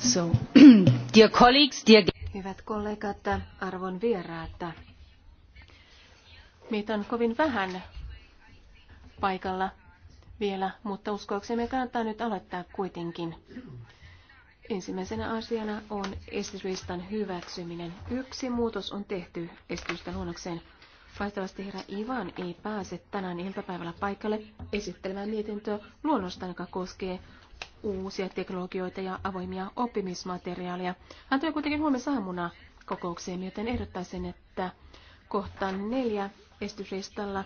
Hyvät kollegat, arvon vieraat. Meitä on kovin vähän paikalla vielä, mutta uskoaksemme kannattaa nyt aloittaa kuitenkin. Ensimmäisenä asiana on esityslistan hyväksyminen. Yksi muutos on tehty esitystä luonnokseen. Vaihtoehtoisesti herra Ivan ei pääse tänään iltapäivällä paikalle esittelemään mietintöä luonnosta, joka koskee uusia teknologioita ja avoimia oppimismateriaaleja. Hän tulee kuitenkin huomenna saamuna kokoukseen, joten ehdottaisin, että kohtaan neljä esityslistalla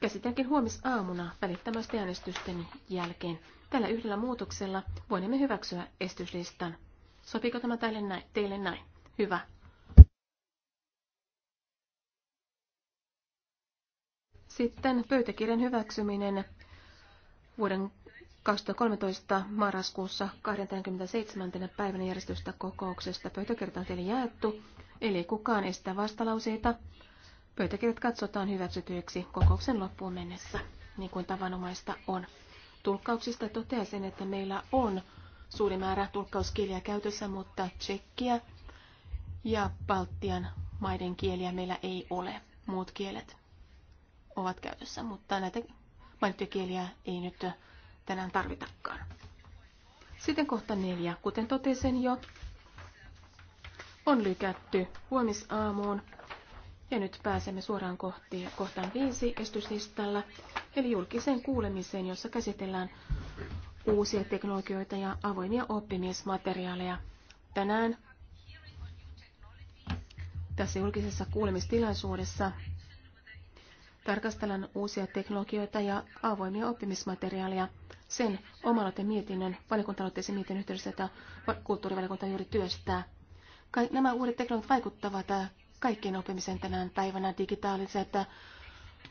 käsitelläänkin huomisaamuna välittömästi äänestysten jälkeen. Tällä yhdellä muutoksella voimme hyväksyä estyslistan. Sopiiko tämä teille näin? Teille näin? Hyvä. Sitten pöytäkirjan hyväksyminen vuoden 2013 marraskuussa 27. päivänä järjestystä kokouksesta pöytäkirjat on teille jaettu, eli kukaan ei sitä vastalauseita. Pöytäkirjat katsotaan hyväksytyiksi kokouksen loppuun mennessä, niin kuin tavanomaista on. Tulkkauksista toteaisin, että meillä on suuri määrä tulkkauskieliä käytössä, mutta tsekkiä ja Baltian maiden kieliä meillä ei ole. Muut kielet ovat käytössä, mutta näitä mainittuja kieliä ei nyt tänään tarvitakaan. Sitten kohta neljä, kuten totesin jo, on lykätty huomisaamuun. Ja nyt pääsemme suoraan kohti, kohtaan viisi estyslistalla, eli julkiseen kuulemiseen, jossa käsitellään uusia teknologioita ja avoimia oppimismateriaaleja. Tänään tässä julkisessa kuulemistilaisuudessa tarkastellaan uusia teknologioita ja avoimia oppimismateriaaleja sen oman mietinnön, valiokunta sen mietinnön yhteydessä, että kulttuurivaliokunta juuri työstää. Ka- nämä uudet teknologiat vaikuttavat äh, kaikkien oppimiseen tänään päivänä. Digitaaliset äh,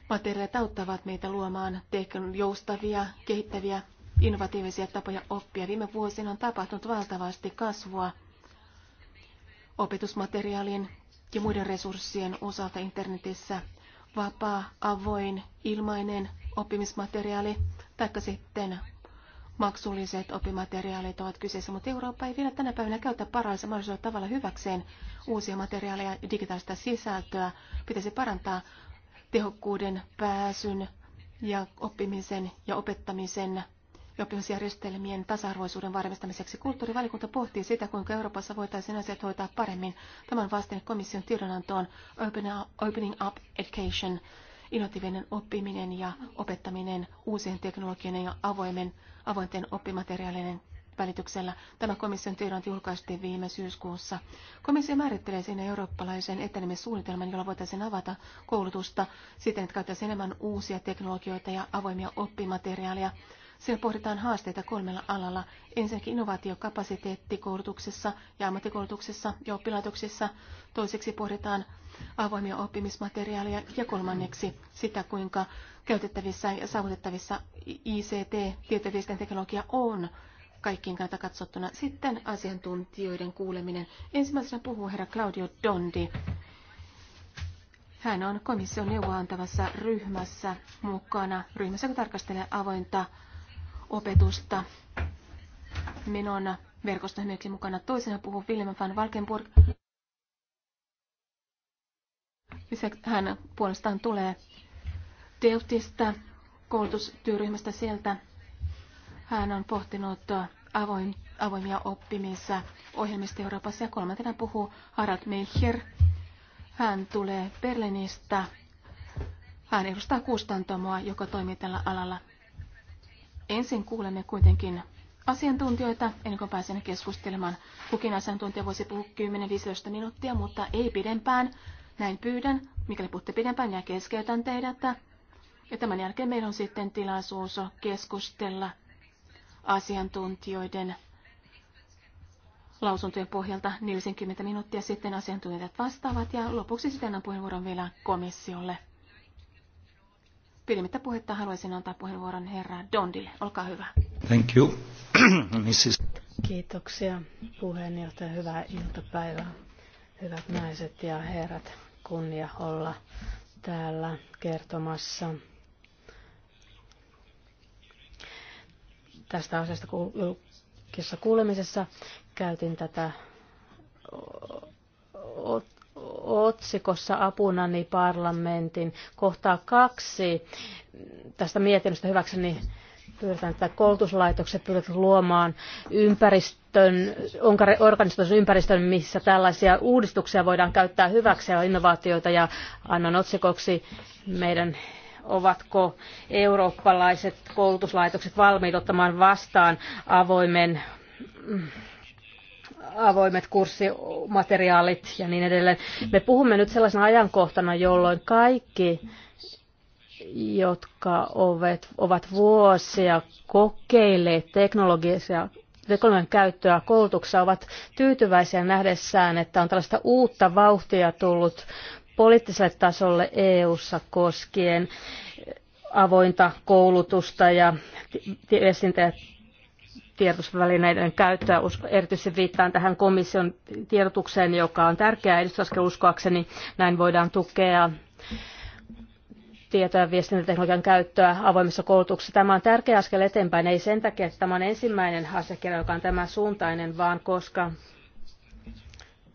materiaalit auttavat meitä luomaan joustavia, kehittäviä, innovatiivisia tapoja oppia. Viime vuosina on tapahtunut valtavasti kasvua opetusmateriaalin ja muiden resurssien osalta internetissä. Vapaa, avoin, ilmainen oppimismateriaali tai sitten maksulliset oppimateriaalit ovat kyseessä, mutta Eurooppa ei vielä tänä päivänä käytä parhaalla mahdollisella tavalla hyväkseen uusia materiaaleja ja digitaalista sisältöä. Pitäisi parantaa tehokkuuden, pääsyn ja oppimisen ja opettamisen ja oppimisjärjestelmien tasa-arvoisuuden varmistamiseksi. Kulttuurivalikunta pohtii sitä, kuinka Euroopassa voitaisiin asiat hoitaa paremmin. Tämän vasten komission tiedonantoon Opening Up Education – innovatiivinen oppiminen ja opettaminen uusien teknologioiden ja avoimen, avointen oppimateriaalien välityksellä. Tämä komission tiedon julkaistiin viime syyskuussa. Komissio määrittelee sinne eurooppalaisen etenemissuunnitelman, jolla voitaisiin avata koulutusta siten, että käytetään enemmän uusia teknologioita ja avoimia oppimateriaaleja. Siellä pohditaan haasteita kolmella alalla. Ensinnäkin innovaatiokapasiteetti koulutuksessa ja ammattikoulutuksessa ja oppilaitoksissa. Toiseksi pohditaan avoimia oppimismateriaaleja ja kolmanneksi sitä, kuinka käytettävissä ja saavutettavissa ICT, tieteellisten teknologia on kaikkien kannalta katsottuna. Sitten asiantuntijoiden kuuleminen. Ensimmäisenä puhuu herra Claudio Dondi. Hän on komission neuvoantavassa ryhmässä mukana. Ryhmässä tarkastelee avointa opetusta menona verkostohmyöksi mukana. Toisena puhuu Willem van Valkenburg. Lisäksi hän puolestaan tulee Teutista koulutustyöryhmästä sieltä. Hän on pohtinut avoin, avoimia oppimissa ohjelmista Euroopassa ja kolmantena puhuu Harald Meicher. Hän tulee Berliinistä. Hän edustaa kustantamoa, joka toimii tällä alalla. Ensin kuulemme kuitenkin asiantuntijoita, ennen kuin pääsen keskustelemaan. Kukin asiantuntija voisi puhua 10-15 minuuttia, mutta ei pidempään, näin pyydän. Mikäli puhutte pidempään, ja keskeytän teidät. Ja tämän jälkeen meillä on sitten tilaisuus keskustella asiantuntijoiden lausuntojen pohjalta 40 minuuttia sitten asiantuntijat vastaavat ja lopuksi sitten annan puheenvuoron vielä komissiolle. Pidemmittä puhetta haluaisin antaa puheenvuoron herra Dondille. Olkaa hyvä. Thank you. Mrs. Kiitoksia puheenjohtaja. Hyvää iltapäivää, hyvät naiset ja herrat kunnia olla täällä kertomassa tästä asiasta julkisessa kuulemisessa. Käytin tätä otsikossa apunani parlamentin kohtaa kaksi tästä mietinnöstä hyväkseni pyritään, että koulutuslaitokset pyrkivät luomaan ympäristö ympäristön, organisatorisen ympäristön, missä tällaisia uudistuksia voidaan käyttää hyväksi ja innovaatioita ja annan otsikoksi meidän ovatko eurooppalaiset koulutuslaitokset valmiit ottamaan vastaan avoimen avoimet kurssimateriaalit ja niin edelleen. Me puhumme nyt sellaisena ajankohtana, jolloin kaikki, jotka ovat, ovat vuosia kokeilleet teknologisia tekoälyn käyttöä koulutuksessa ovat tyytyväisiä nähdessään, että on tällaista uutta vauhtia tullut poliittiselle tasolle EU-ssa koskien avointa koulutusta ja viestintä- ja tiedotusvälineiden käyttöä. Erityisesti viittaan tähän komission tiedotukseen, joka on tärkeä edistysaskel uskoakseni. Näin voidaan tukea tietoja ja viestintäteknologian käyttöä avoimessa koulutuksessa. Tämä on tärkeä askel eteenpäin, ei sen takia, että tämä on ensimmäinen asiakirja, joka on tämän suuntainen, vaan koska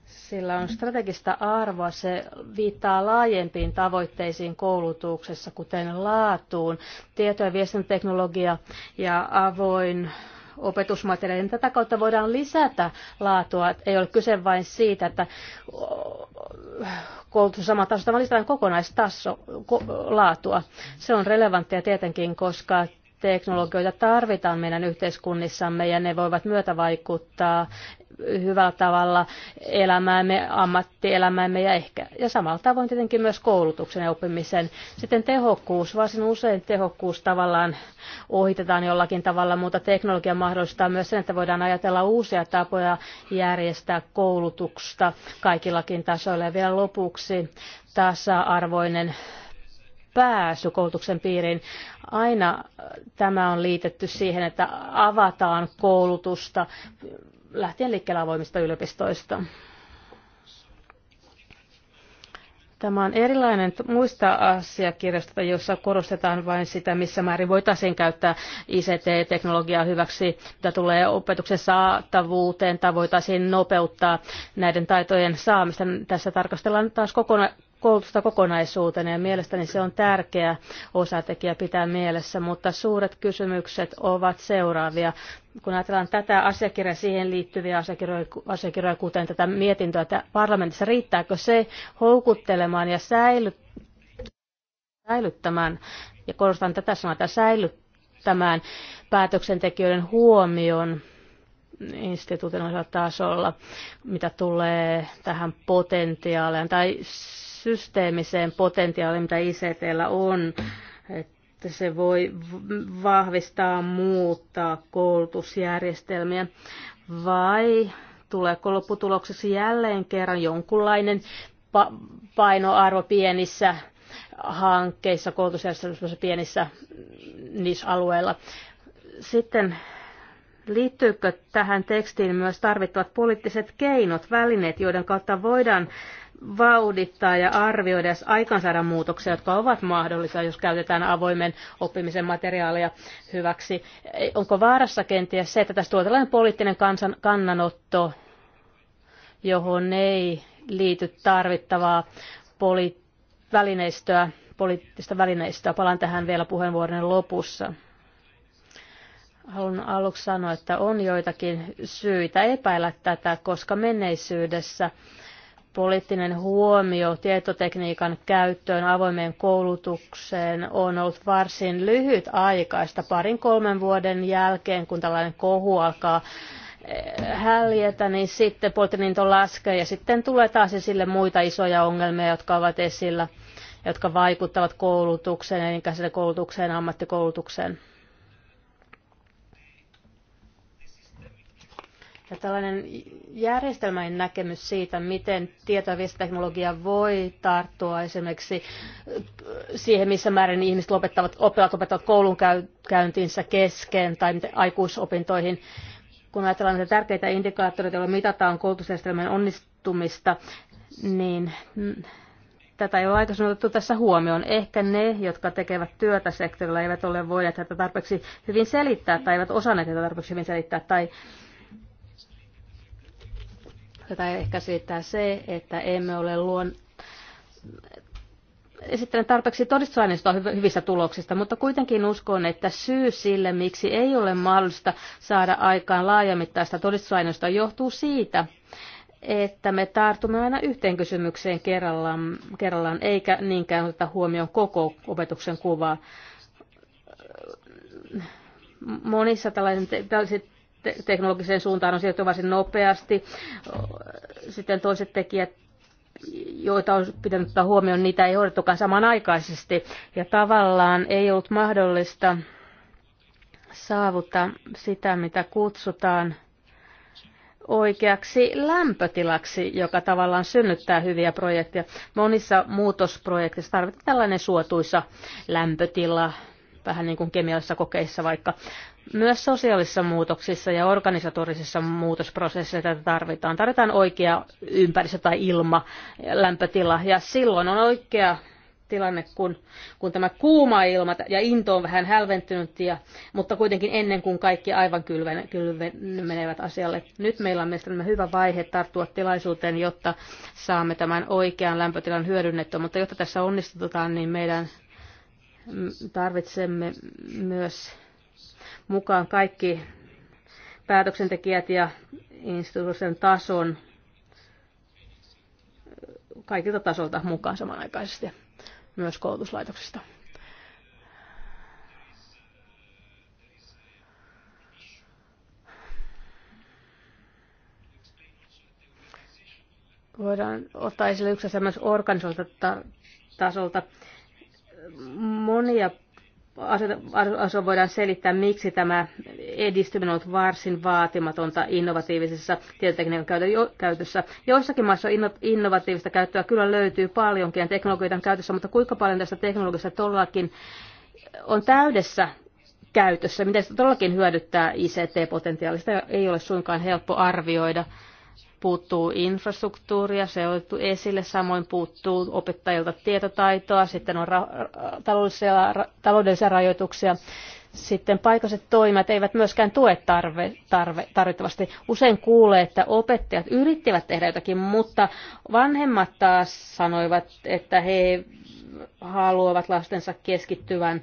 sillä on strategista arvoa. Se viittaa laajempiin tavoitteisiin koulutuksessa, kuten laatuun, tieto- ja viestintäteknologia ja avoin opetusmateriaalien. Tätä kautta voidaan lisätä laatua. Ei ole kyse vain siitä, että koulutus on sama taso, vaan lisätään kokonaistaso ko, laatua. Se on relevanttia tietenkin, koska teknologioita tarvitaan meidän yhteiskunnissamme ja ne voivat myötävaikuttaa hyvällä tavalla elämäämme, ammattielämäämme ja ehkä ja samalla tavoin tietenkin myös koulutuksen ja oppimisen. Sitten tehokkuus, varsin usein tehokkuus tavallaan ohitetaan jollakin tavalla, mutta teknologia mahdollistaa myös sen, että voidaan ajatella uusia tapoja järjestää koulutusta kaikillakin tasoilla. Ja vielä lopuksi tasa-arvoinen pääsy koulutuksen piiriin. Aina äh, tämä on liitetty siihen, että avataan koulutusta lähtien liikkeelle avoimista yliopistoista. Tämä on erilainen muista asiakirjoista, jossa korostetaan vain sitä, missä määrin voitaisiin käyttää ICT-teknologiaa hyväksi, mitä tulee opetuksen saatavuuteen, tai voitaisiin nopeuttaa näiden taitojen saamista. Tässä tarkastellaan taas kokona- koulutusta kokonaisuutena ja mielestäni se on tärkeä osatekijä pitää mielessä, mutta suuret kysymykset ovat seuraavia. Kun ajatellaan tätä asiakirjaa, siihen liittyviä asiakirjoja, asiakirjoja kuten tätä mietintöä että parlamentissa, riittääkö se houkuttelemaan ja säilyttämään, ja korostan tätä sanaa, että säilyttämään päätöksentekijöiden huomion instituutin tasolla, mitä tulee tähän potentiaaleen tai systeemiseen potentiaaliin, mitä ICTllä on, että se voi vahvistaa, muuttaa koulutusjärjestelmiä, vai tuleeko lopputuloksessa jälleen kerran jonkunlainen painoarvo pienissä hankkeissa, koulutusjärjestelmissä pienissä niissä alueilla. Sitten liittyykö tähän tekstiin myös tarvittavat poliittiset keinot, välineet, joiden kautta voidaan vauhdittaa ja arvioida ja aikansaada muutoksia, jotka ovat mahdollisia, jos käytetään avoimen oppimisen materiaalia hyväksi. Onko vaarassa kenties se, että tässä tuo tällainen poliittinen kansan, kannanotto, johon ei liity tarvittavaa poli, välineistöä, poliittista välineistöä. Palaan tähän vielä puheenvuoron lopussa haluan aluksi sanoa, että on joitakin syitä epäillä tätä, koska menneisyydessä poliittinen huomio tietotekniikan käyttöön avoimeen koulutukseen on ollut varsin lyhyt aikaista parin kolmen vuoden jälkeen, kun tällainen kohu alkaa eh, häljetä, niin sitten poliittinen laskee ja sitten tulee taas esille muita isoja ongelmia, jotka ovat esillä, jotka vaikuttavat koulutukseen, elinkäiselle koulutukseen, ammattikoulutukseen. Ja tällainen järjestelmäinen näkemys siitä, miten tieto- voi tarttua esimerkiksi äh, siihen, missä määrin ihmiset lopettavat, oppilaat lopettavat koulunkäyntinsä kesken tai aikuisopintoihin. Kun ajatellaan näitä tärkeitä indikaattoreita, joilla mitataan koulutusjärjestelmän onnistumista, niin mm, tätä ei ole aikaisemmin otettu tässä huomioon. Ehkä ne, jotka tekevät työtä sektorilla, eivät ole voineet tätä tarpeeksi hyvin selittää tai eivät osanneet tätä tarpeeksi hyvin selittää tai Tätä ehkä siitä se, että emme ole luon esittänyt tarpeeksi todistusaineistoa hyvistä tuloksista, mutta kuitenkin uskon, että syy sille, miksi ei ole mahdollista saada aikaan laajamittaista todistusaineistoa, johtuu siitä, että me tartumme aina yhteen kysymykseen kerrallaan, kerrallaan eikä niinkään oteta huomioon koko opetuksen kuvaa. Monissa tällaiset teknologiseen suuntaan on siirtynyt varsin nopeasti. Sitten toiset tekijät joita olisi pitänyt ottaa huomioon, niitä ei hoidettukaan samanaikaisesti. Ja tavallaan ei ollut mahdollista saavuttaa sitä, mitä kutsutaan oikeaksi lämpötilaksi, joka tavallaan synnyttää hyviä projekteja. Monissa muutosprojekteissa tarvitaan tällainen suotuisa lämpötila, vähän niin kuin kemiallisissa kokeissa vaikka. Myös sosiaalisissa muutoksissa ja organisatorisissa muutosprosesseissa tätä tarvitaan. Tarvitaan oikea ympäristö tai ilma, lämpötila ja silloin on oikea tilanne, kun, kun tämä kuuma ilma ja into on vähän hälventynyt, ja, mutta kuitenkin ennen kuin kaikki aivan kylven, kylven menevät asialle. Nyt meillä on mielestäni hyvä vaihe tarttua tilaisuuteen, jotta saamme tämän oikean lämpötilan hyödynnettyä, mutta jotta tässä onnistutaan, niin meidän Tarvitsemme myös mukaan kaikki päätöksentekijät ja instituutioiden tason kaikilta tasolta mukaan samanaikaisesti myös koulutuslaitoksista. voidaan ottaa esille yksi asia myös organisoilta tasolta monia asioita voidaan selittää, miksi tämä edistyminen on ollut varsin vaatimatonta innovatiivisessa tietotekniikan käytössä. Joissakin maissa innovatiivista käyttöä kyllä löytyy paljonkin ja teknologioita on käytössä, mutta kuinka paljon tästä teknologiasta todellakin on täydessä käytössä, miten se todellakin hyödyttää ICT-potentiaalista, ei ole suinkaan helppo arvioida puuttuu infrastruktuuria, se on otettu esille, samoin puuttuu opettajilta tietotaitoa, sitten on ra- taloudellisia, ra- taloudellisia rajoituksia. Sitten paikalliset toimijat eivät myöskään tue tarve, tarve, tarvittavasti. Usein kuulee, että opettajat yrittivät tehdä jotakin, mutta vanhemmat taas sanoivat, että he haluavat lastensa keskittyvän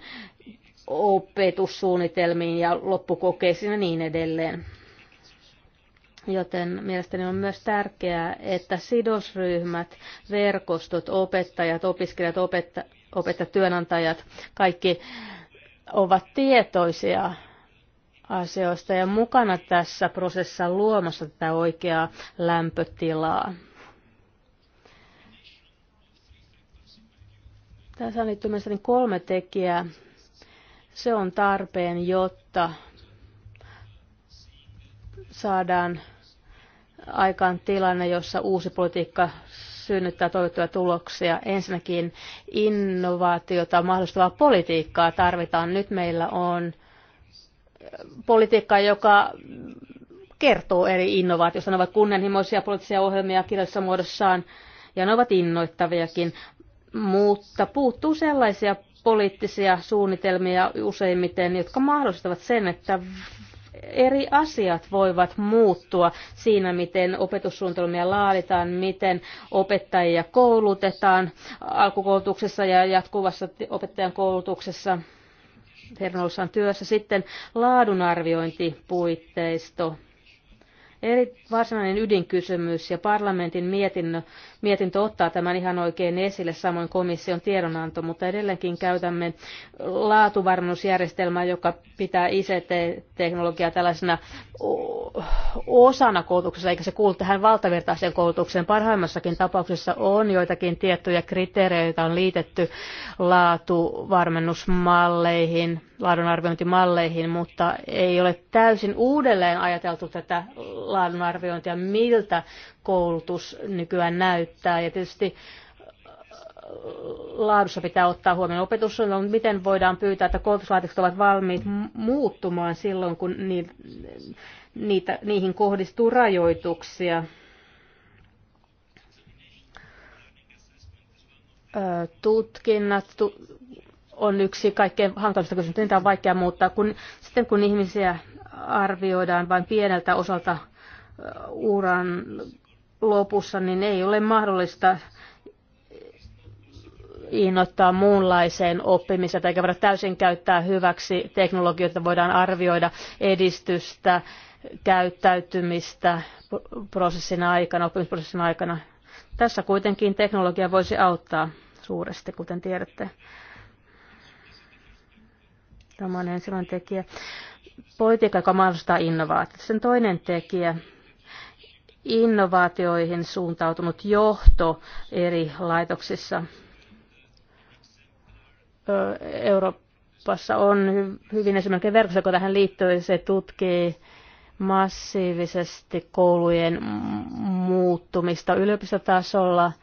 opetussuunnitelmiin ja loppukokeisiin ja niin edelleen. Joten mielestäni on myös tärkeää, että sidosryhmät, verkostot, opettajat, opiskelijat, opetta, opettajat, työnantajat, kaikki ovat tietoisia asioista ja mukana tässä prosessissa luomassa tätä oikeaa lämpötilaa. Tässä on liittyy mielestäni niin kolme tekijää. Se on tarpeen, jotta saadaan aikaan tilanne, jossa uusi politiikka synnyttää toivottuja tuloksia. Ensinnäkin innovaatiota mahdollistavaa politiikkaa tarvitaan. Nyt meillä on politiikka, joka kertoo eri innovaatioista. Ne ovat kunnianhimoisia poliittisia ohjelmia kirjallisessa muodossaan ja ne ovat innoittaviakin, mutta puuttuu sellaisia poliittisia suunnitelmia useimmiten, jotka mahdollistavat sen, että eri asiat voivat muuttua siinä, miten opetussuunnitelmia laaditaan, miten opettajia koulutetaan alkukoulutuksessa ja jatkuvassa opettajan koulutuksessa Hernoussan työssä. Sitten laadunarviointipuitteisto. Eri varsinainen ydinkysymys ja parlamentin mietinnö Mietintö ottaa tämän ihan oikein esille, samoin komission tiedonanto, mutta edelleenkin käytämme laatuvarmennusjärjestelmää, joka pitää ICT-teknologiaa tällaisena osana koulutuksessa, eikä se kuulu tähän valtavirtaiseen koulutukseen. Parhaimmassakin tapauksessa on joitakin tiettyjä kriteereitä on liitetty laatuvarmennusmalleihin, laadunarviointimalleihin, mutta ei ole täysin uudelleen ajateltu tätä laadunarviointia, miltä koulutus nykyään näyttää. Ja tietysti äh, laadussa pitää ottaa huomioon opetussuunnitelma, no, mutta miten voidaan pyytää, että koulutuslaitokset ovat valmiit muuttumaan silloin, kun niitä, niihin kohdistuu rajoituksia. Tutkinnat on yksi kaikkein hankalista kysymyksistä, niitä on vaikea muuttaa. Kun, sitten kun ihmisiä arvioidaan vain pieneltä osalta uran lopussa, niin ei ole mahdollista innoittaa muunlaiseen oppimiseen, eikä voida täysin käyttää hyväksi teknologioita, voidaan arvioida edistystä, käyttäytymistä prosessin aikana, oppimisprosessin aikana. Tässä kuitenkin teknologia voisi auttaa suuresti, kuten tiedätte. Tämä on ensimmäinen tekijä. Politiikka, joka mahdollistaa innovaatiot. Sen toinen tekijä innovaatioihin suuntautunut johto eri laitoksissa. Euroopassa on hyvin esimerkiksi verkossa, joka tähän liittyy, se tutkii massiivisesti koulujen muuttumista yliopistotasolla –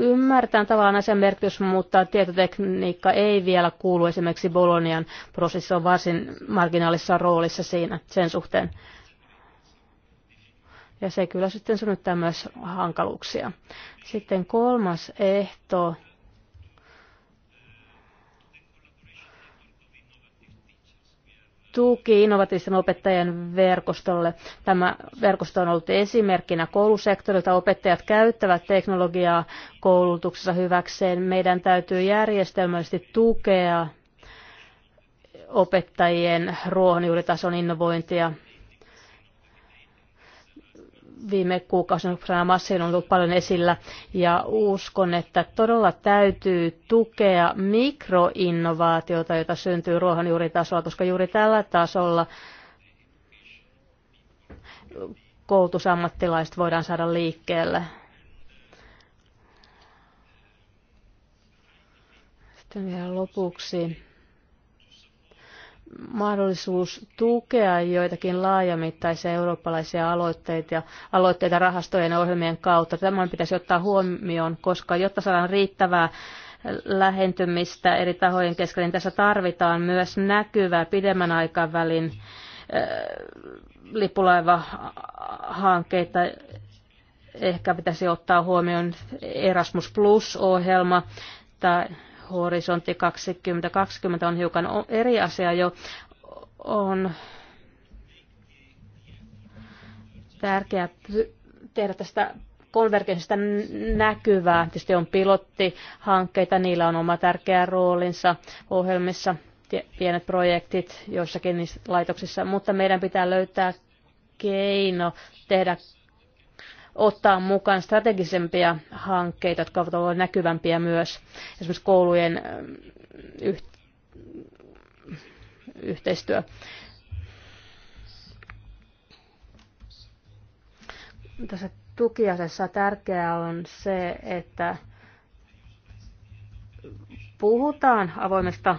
Ymmärtään tavallaan asian merkitys, mutta tietotekniikka ei vielä kuulu esimerkiksi Bolonian prosessissa on varsin marginaalissa roolissa siinä sen suhteen. Ja se kyllä sitten synnyttää myös hankaluuksia. Sitten kolmas ehto tuki innovatiivisten opettajien verkostolle. Tämä verkosto on ollut esimerkkinä koulusektorilta. Opettajat käyttävät teknologiaa koulutuksessa hyväkseen. Meidän täytyy järjestelmällisesti tukea opettajien ruohonjuuritason innovointia viime kuukausina Massin on ollut paljon esillä ja uskon, että todella täytyy tukea mikroinnovaatiota, jota syntyy ruohonjuuritasolla, koska juuri tällä tasolla koulutusammattilaiset voidaan saada liikkeelle. Sitten vielä lopuksi mahdollisuus tukea joitakin laajamittaisia eurooppalaisia aloitteita ja aloitteita rahastojen ja ohjelmien kautta. Tämä pitäisi ottaa huomioon, koska jotta saadaan riittävää lähentymistä eri tahojen kesken, niin tässä tarvitaan myös näkyvää pidemmän aikavälin eh, lippulaivahankkeita. Ehkä pitäisi ottaa huomioon Erasmus Plus-ohjelma tai horisontti 2020 on hiukan eri asia jo. On tärkeää tehdä tästä konvergenssista näkyvää. Tietysti on pilottihankkeita, niillä on oma tärkeä roolinsa ohjelmissa, pienet projektit joissakin niissä laitoksissa, mutta meidän pitää löytää keino tehdä ottaa mukaan strategisempia hankkeita, jotka ovat olleet näkyvämpiä myös esimerkiksi koulujen yh- yhteistyö. Tässä tukiasessa tärkeää on se, että puhutaan avoimesta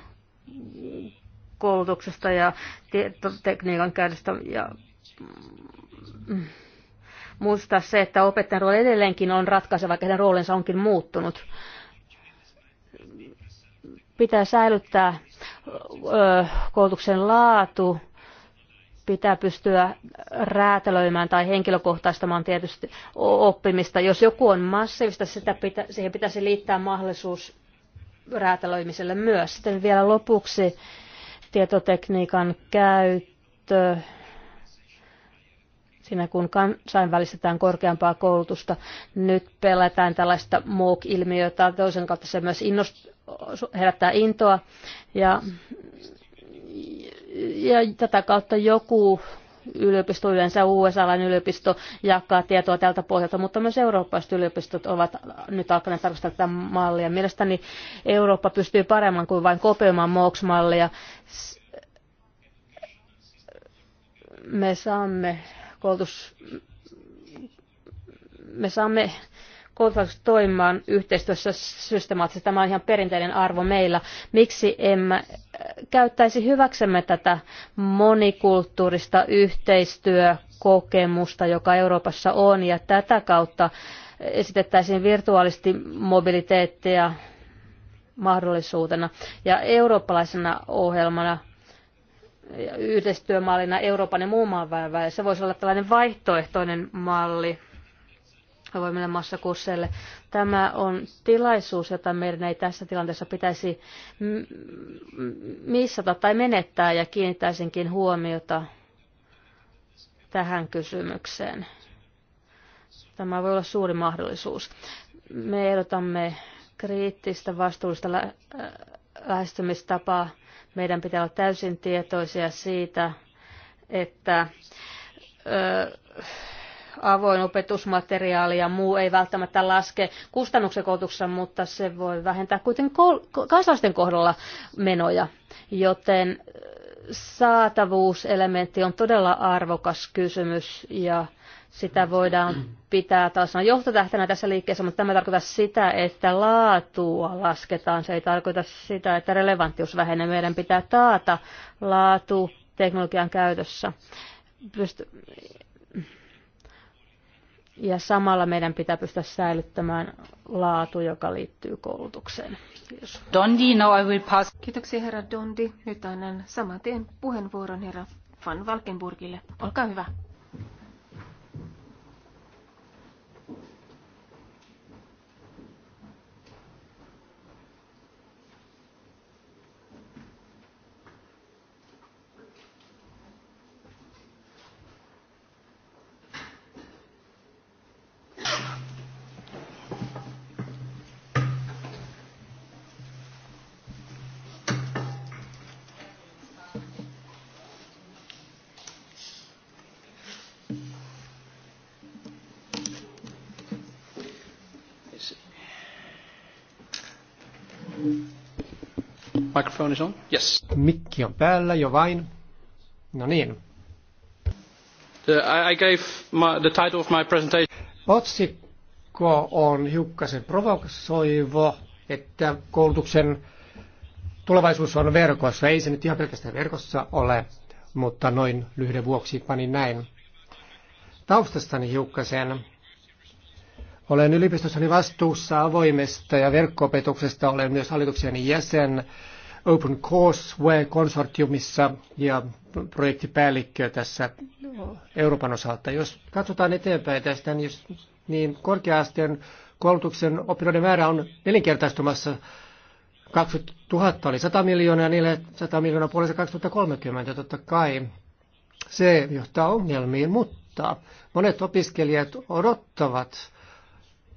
koulutuksesta ja tietotekniikan käytöstä ja muistaa se, että opettajan rooli edelleenkin on ratkaiseva, vaikka heidän roolinsa onkin muuttunut. Pitää säilyttää koulutuksen laatu, pitää pystyä räätälöimään tai henkilökohtaistamaan tietysti oppimista. Jos joku on massiivista, sitä pitä, siihen pitäisi liittää mahdollisuus räätälöimiselle myös. Sitten vielä lopuksi tietotekniikan käyttö siinä kun kansainvälistetään korkeampaa koulutusta. Nyt pelätään tällaista MOOC-ilmiötä, toisen kautta se myös innost- herättää intoa ja, ja tätä kautta joku yliopisto, yleensä usa lain yliopisto jakaa tietoa tältä pohjalta, mutta myös eurooppalaiset yliopistot ovat nyt alkaneet tarkastella tätä mallia. Mielestäni Eurooppa pystyy paremmin kuin vain kopioimaan MOOCs-mallia. Me saamme koulutus, me saamme koulutus toimimaan yhteistyössä systemaattisesti. Tämä on ihan perinteinen arvo meillä. Miksi emme käyttäisi hyväksemme tätä monikulttuurista yhteistyökokemusta, joka Euroopassa on, ja tätä kautta esitettäisiin virtuaalisti mobiliteettia mahdollisuutena ja eurooppalaisena ohjelmana yhteistyömallina Euroopan ja muun maan välillä. Se voisi olla tällainen vaihtoehtoinen malli avoimille massakursseille. Tämä on tilaisuus, jota meidän ei tässä tilanteessa pitäisi missata tai menettää ja kiinnittäisinkin huomiota tähän kysymykseen. Tämä voi olla suuri mahdollisuus. Me ehdotamme kriittistä vastuullista lähestymistapaa meidän pitää olla täysin tietoisia siitä, että ö, avoin opetusmateriaali ja muu ei välttämättä laske kustannuksen koulutuksessa, mutta se voi vähentää kuitenkin kansalaisten kohdalla menoja. Joten saatavuuselementti on todella arvokas kysymys ja sitä voidaan pitää taas on johtotähtenä tässä liikkeessä, mutta tämä tarkoittaa sitä, että laatua lasketaan. Se ei tarkoita sitä, että relevanttius vähenee. Meidän pitää taata laatu teknologian käytössä. Ja samalla meidän pitää pystyä säilyttämään laatu, joka liittyy koulutukseen. Kiitos. Dondi, no I will pass. Kiitoksia herra Dondi. Nyt annan saman tien puheenvuoron herra Van Valkenburgille. Olkaa hyvä. Microphone is on. Yes. Mikki on päällä jo vain. No niin. I gave my, the title of my presentation. Otsikko on hiukkasen provosoivo, että koulutuksen tulevaisuus on verkossa. Ei se nyt ihan pelkästään verkossa ole, mutta noin lyhyen vuoksi panin näin. Taustastani hiukkasen olen yliopistossani vastuussa avoimesta ja verkkoopetuksesta. Olen myös hallituksen jäsen Open Courseware-konsortiumissa ja projektipäällikkö tässä Euroopan osalta. Jos katsotaan eteenpäin tästä, niin, niin korkea-asteen koulutuksen opinnoiden määrä on nelinkertaistumassa 20 000 oli 100 miljoonaa, niille 100 miljoonaa puolessa 2030 totta kai. Se johtaa ongelmiin, mutta monet opiskelijat odottavat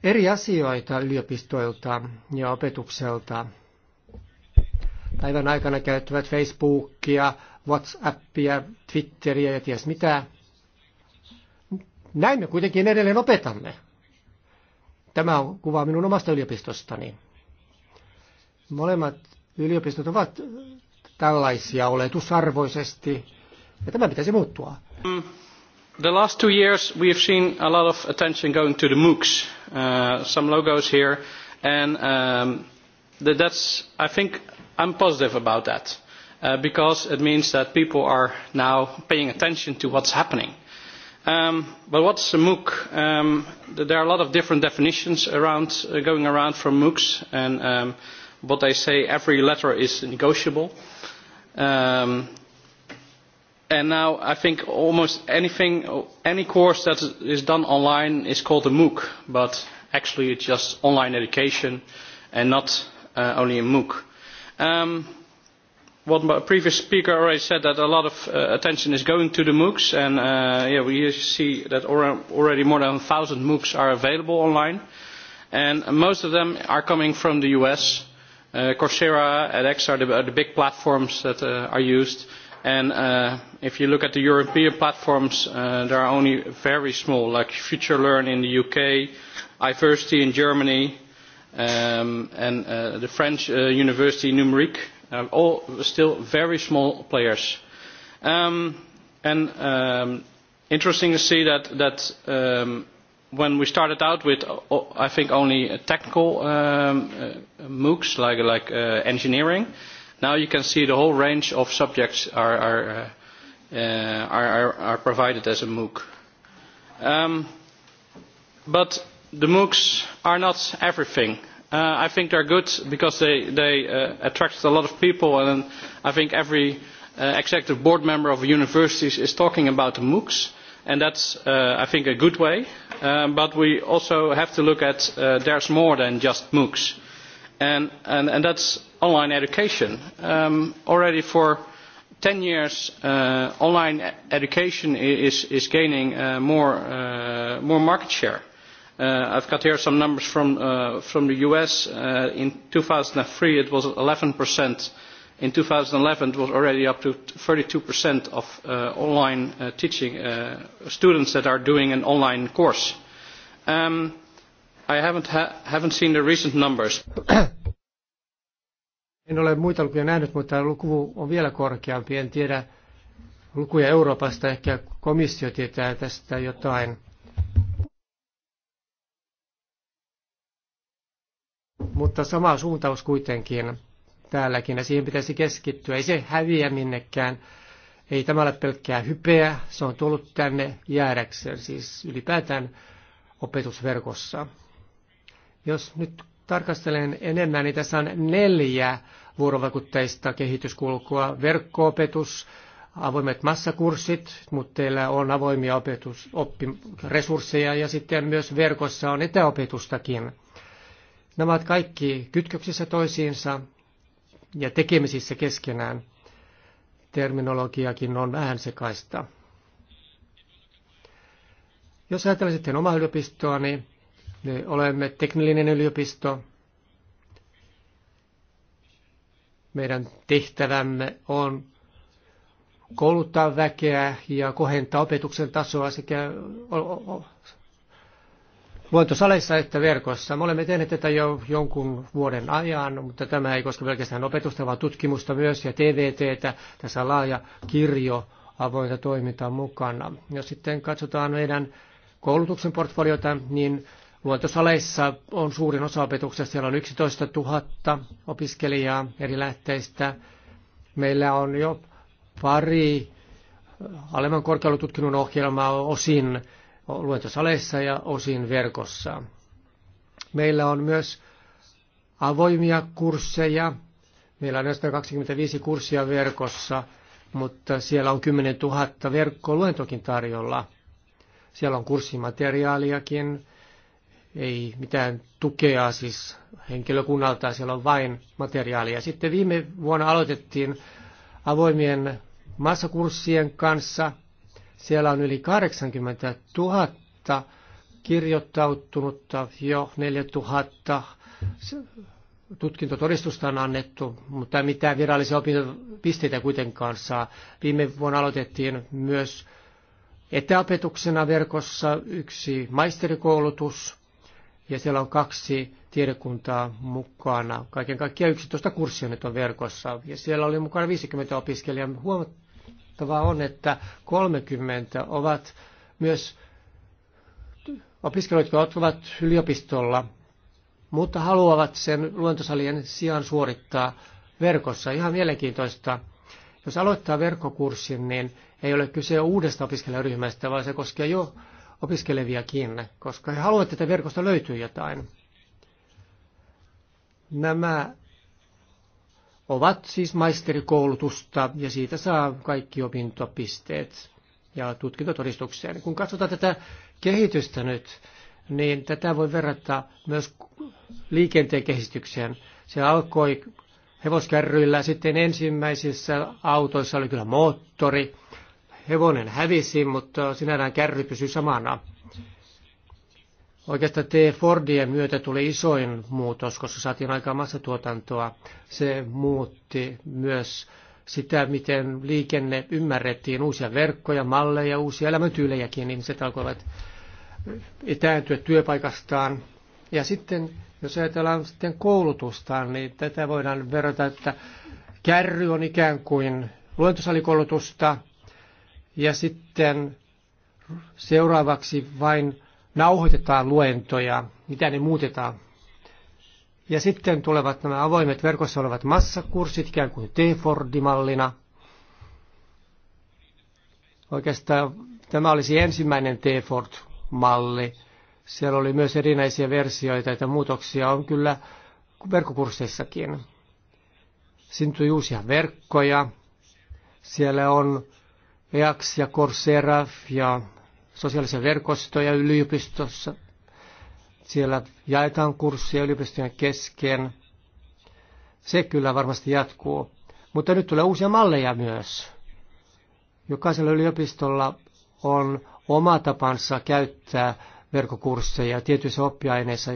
eri asioita yliopistoilta ja opetukselta. Päivän aikana käyttävät Facebookia, Whatsappia, Twitteriä ja ties mitä. Näin me kuitenkin edelleen opetamme. Tämä on kuva minun omasta yliopistostani. Molemmat yliopistot ovat tällaisia oletusarvoisesti, ja tämä pitäisi muuttua. Mm the last two years we have seen a lot of attention going to the MOOCs. Uh, some logos here, and um, that, that's I think I'm positive about that uh, because it means that people are now paying attention to what's happening. Um, but what's a MOOC? Um, there are a lot of different definitions around, uh, going around from MOOCs, and um, what they say every letter is negotiable. Um, and now i think almost any course that is done online is called a mooc but actually it is just online education and not uh, only a mooc um, my previous speaker already said that a lot of uh, attention is going to the moocs and uh, we see that already more than one zero moocs are available online and most of them are coming from the us coursera edx are the, big platforms that are used And uh, if you look at the European platforms, uh, there are only very small, like Future Learn in the UK, Iversity in Germany, um, and uh, the French uh, University Numerique, uh, all still very small players. Um, and um, interesting to see that, that um, when we started out with, uh, I think, only technical um, uh, MOOCs, like, like uh, engineering, uh, Now you can see the whole range of subjects are, are, uh, uh, are, are are provided as a MOOC. Um, but the MOOCs are not everything. Uh, I think they're good because they, they uh, attract a lot of people and I think every uh, executive board member of universities is talking about the MOOCs and that's uh, I think a good way. Um, but we also have to look at uh, there's more than just MOOCs. Uh, and, and, and that's online education. Um, already for 10 years, uh, online education is, is gaining uh, more, uh, more market share. Uh, I've got here some numbers from, uh, from the US. Uh, in 2003, it was 11%. In 2011, it was already up to 32% of uh, online uh, teaching uh, students that are doing an online course. Um, I haven't, ha, haven't seen the recent numbers. En ole muita lukuja nähnyt, mutta luku on vielä korkeampi. En tiedä lukuja Euroopasta. Ehkä komissio tietää tästä jotain. Mutta sama suuntaus kuitenkin täälläkin ja siihen pitäisi keskittyä. Ei se häviä minnekään. Ei tämä ole pelkkää hypeä, se on tullut tänne jäädäkseen, siis ylipäätään opetusverkossa. Jos nyt tarkastelen enemmän, niin tässä on neljä vuorovaikutteista kehityskulkua. Verkkoopetus, avoimet massakurssit, mutta teillä on avoimia opetus, oppiresursseja ja sitten myös verkossa on etäopetustakin. Nämä ovat kaikki kytköksissä toisiinsa ja tekemisissä keskenään. Terminologiakin on vähän sekaista. Jos ajatellaan sitten omaa yliopistoa, niin me olemme teknillinen yliopisto. Meidän tehtävämme on kouluttaa väkeä ja kohentaa opetuksen tasoa sekä luontosaleissa että verkossa. Me olemme tehneet tätä jo jonkun vuoden ajan, mutta tämä ei koske pelkästään opetusta, vaan tutkimusta myös ja TVTtä. Tässä on laaja kirjo avointa toimintaa mukana. Jos sitten katsotaan meidän koulutuksen portfoliota, niin Luontosaleissa on suurin osa opetuksesta, siellä on 11 000 opiskelijaa eri lähteistä. Meillä on jo pari äh, alemman korkeakoulututkinnon ohjelmaa osin luentosaleissa ja osin verkossa. Meillä on myös avoimia kursseja. Meillä on 25 kurssia verkossa, mutta siellä on 10 000 verkkoluentokin tarjolla. Siellä on kurssimateriaaliakin, ei mitään tukea siis henkilökunnalta, siellä on vain materiaalia. Sitten viime vuonna aloitettiin avoimien massakurssien kanssa. Siellä on yli 80 000 kirjoittautunutta, jo 4 000 tutkintotodistusta on annettu, mutta mitään virallisia opintopisteitä kuitenkaan saa. Viime vuonna aloitettiin myös etäopetuksena verkossa yksi maisterikoulutus ja siellä on kaksi tiedekuntaa mukana. Kaiken kaikkiaan 11 kurssia nyt on verkossa ja siellä oli mukana 50 opiskelijaa. Huomattavaa on, että 30 ovat myös opiskelijoita, jotka ovat yliopistolla, mutta haluavat sen luentosalien sijaan suorittaa verkossa. Ihan mielenkiintoista. Jos aloittaa verkkokurssin, niin ei ole kyse uudesta opiskelijaryhmästä, vaan se koskee jo opiskeleviakin, koska he haluavat, että verkosta löytyy jotain. Nämä ovat siis maisterikoulutusta ja siitä saa kaikki opintopisteet ja tutkintotodistukseen. Kun katsotaan tätä kehitystä nyt, niin tätä voi verrata myös liikenteen kehitykseen. Se alkoi hevoskärryillä, sitten ensimmäisissä autoissa oli kyllä moottori, hevonen hävisi, mutta sinällään kärry pysyi samana. Oikeastaan T-Fordien myötä tuli isoin muutos, koska saatiin aikaa massatuotantoa. Se muutti myös sitä, miten liikenne ymmärrettiin, uusia verkkoja, malleja, uusia elämäntyylejäkin. Ihmiset alkoivat etääntyä työpaikastaan. Ja sitten, jos ajatellaan sitten koulutusta, niin tätä voidaan verrata, että kärry on ikään kuin luentosalikoulutusta, ja sitten seuraavaksi vain nauhoitetaan luentoja, mitä ne muutetaan. Ja sitten tulevat nämä avoimet verkossa olevat massakurssit ikään kuin t fordimallina mallina Oikeastaan tämä olisi ensimmäinen T-Ford-malli. Siellä oli myös erinäisiä versioita, että muutoksia on kyllä verkkokursseissakin. Syntyi uusia verkkoja. Siellä on EAX ja Corseraf ja sosiaalisia verkostoja yliopistossa. Siellä jaetaan kurssia yliopistojen kesken. Se kyllä varmasti jatkuu. Mutta nyt tulee uusia malleja myös. Jokaisella yliopistolla on oma tapansa käyttää verkkokursseja tietyissä oppiaineissa.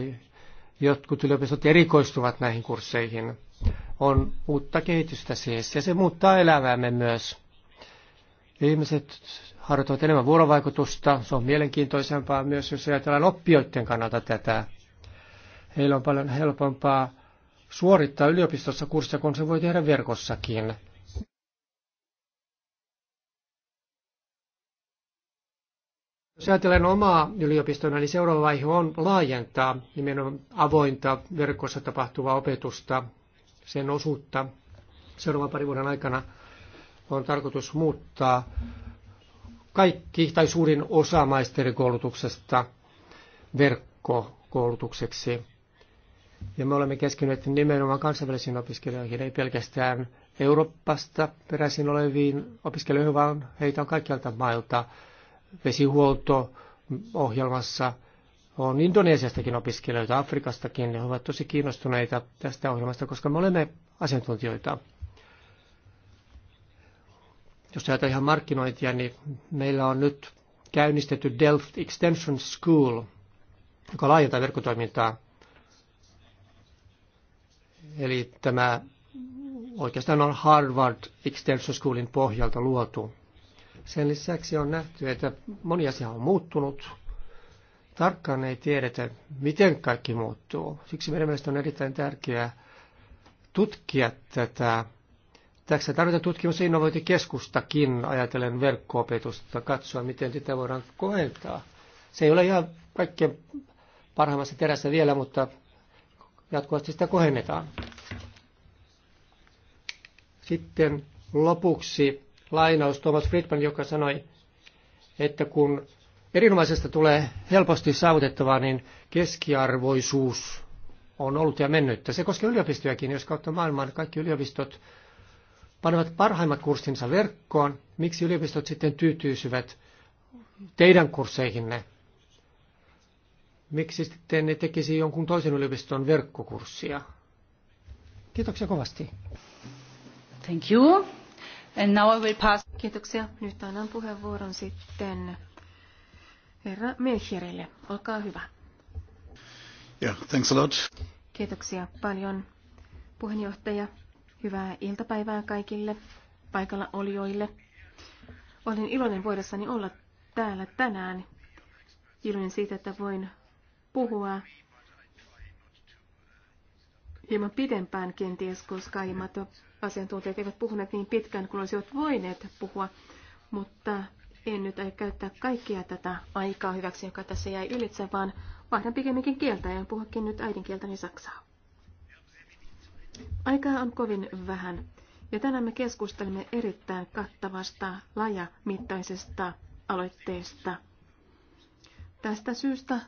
Jotkut yliopistot erikoistuvat näihin kursseihin. On uutta kehitystä siis, ja se muuttaa elämäämme myös. Ihmiset harjoittavat enemmän vuorovaikutusta. Se on mielenkiintoisempaa myös, jos ajatellaan oppijoiden kannalta tätä. Heillä on paljon helpompaa suorittaa yliopistossa kurssia, kun se voi tehdä verkossakin. Jos ajatellaan omaa yliopistona, niin seuraava vaihe on laajentaa nimenomaan avointa verkossa tapahtuvaa opetusta, sen osuutta seuraavan parin vuoden aikana – on tarkoitus muuttaa kaikki tai suurin osa maisterikoulutuksesta verkkokoulutukseksi. Ja me olemme keskittyneet nimenomaan kansainvälisiin opiskelijoihin, ei pelkästään Euroopasta peräisin oleviin opiskelijoihin, vaan heitä on kaikkialta mailta. Vesihuolto-ohjelmassa on Indonesiastakin opiskelijoita, Afrikastakin, ja he ovat tosi kiinnostuneita tästä ohjelmasta, koska me olemme asiantuntijoita. Jos ajatellaan ihan markkinointia, niin meillä on nyt käynnistetty Delft Extension School, joka laajentaa verkkotoimintaa. Eli tämä oikeastaan on Harvard Extension Schoolin pohjalta luotu. Sen lisäksi on nähty, että moni asia on muuttunut. Tarkkaan ei tiedetä, miten kaikki muuttuu. Siksi meidän mielestä on erittäin tärkeää tutkia tätä tässä tarvitaan tutkimus- ja innovointikeskustakin ajatellen verkko-opetusta, katsoa miten sitä voidaan kohentaa. Se ei ole ihan kaikkein parhaimmassa terässä vielä, mutta jatkuvasti sitä kohennetaan. Sitten lopuksi lainaus Thomas Friedman, joka sanoi, että kun erinomaisesta tulee helposti saavutettavaa, niin keskiarvoisuus on ollut ja mennyt. Se koskee yliopistojakin, jos kautta maailman kaikki yliopistot panevat parhaimmat kurssinsa verkkoon, miksi yliopistot sitten tyytyisivät teidän kursseihinne? Miksi sitten ne tekisi jonkun toisen yliopiston verkkokurssia? Kiitoksia kovasti. Thank you. And now I will pass. Kiitoksia. Nyt annan puheenvuoron sitten herra Melchirelle. Olkaa hyvä. Yeah, thanks a lot. Kiitoksia paljon, puheenjohtaja. Hyvää iltapäivää kaikille paikalla olijoille. Olen iloinen voidessani olla täällä tänään. Iloinen siitä, että voin puhua hieman pidempään kenties, koska aiemmat asiantuntijat eivät puhuneet niin pitkään kuin olisivat voineet puhua, mutta en nyt aio käyttää kaikkia tätä aikaa hyväksi, joka tässä jäi ylitse, vaan vaihdan pikemminkin kieltä ja puhukin nyt äidinkieltäni saksaa. Aikaa on kovin vähän, ja tänään me keskustelemme erittäin kattavasta, lajamittaisesta aloitteesta. Tästä syystä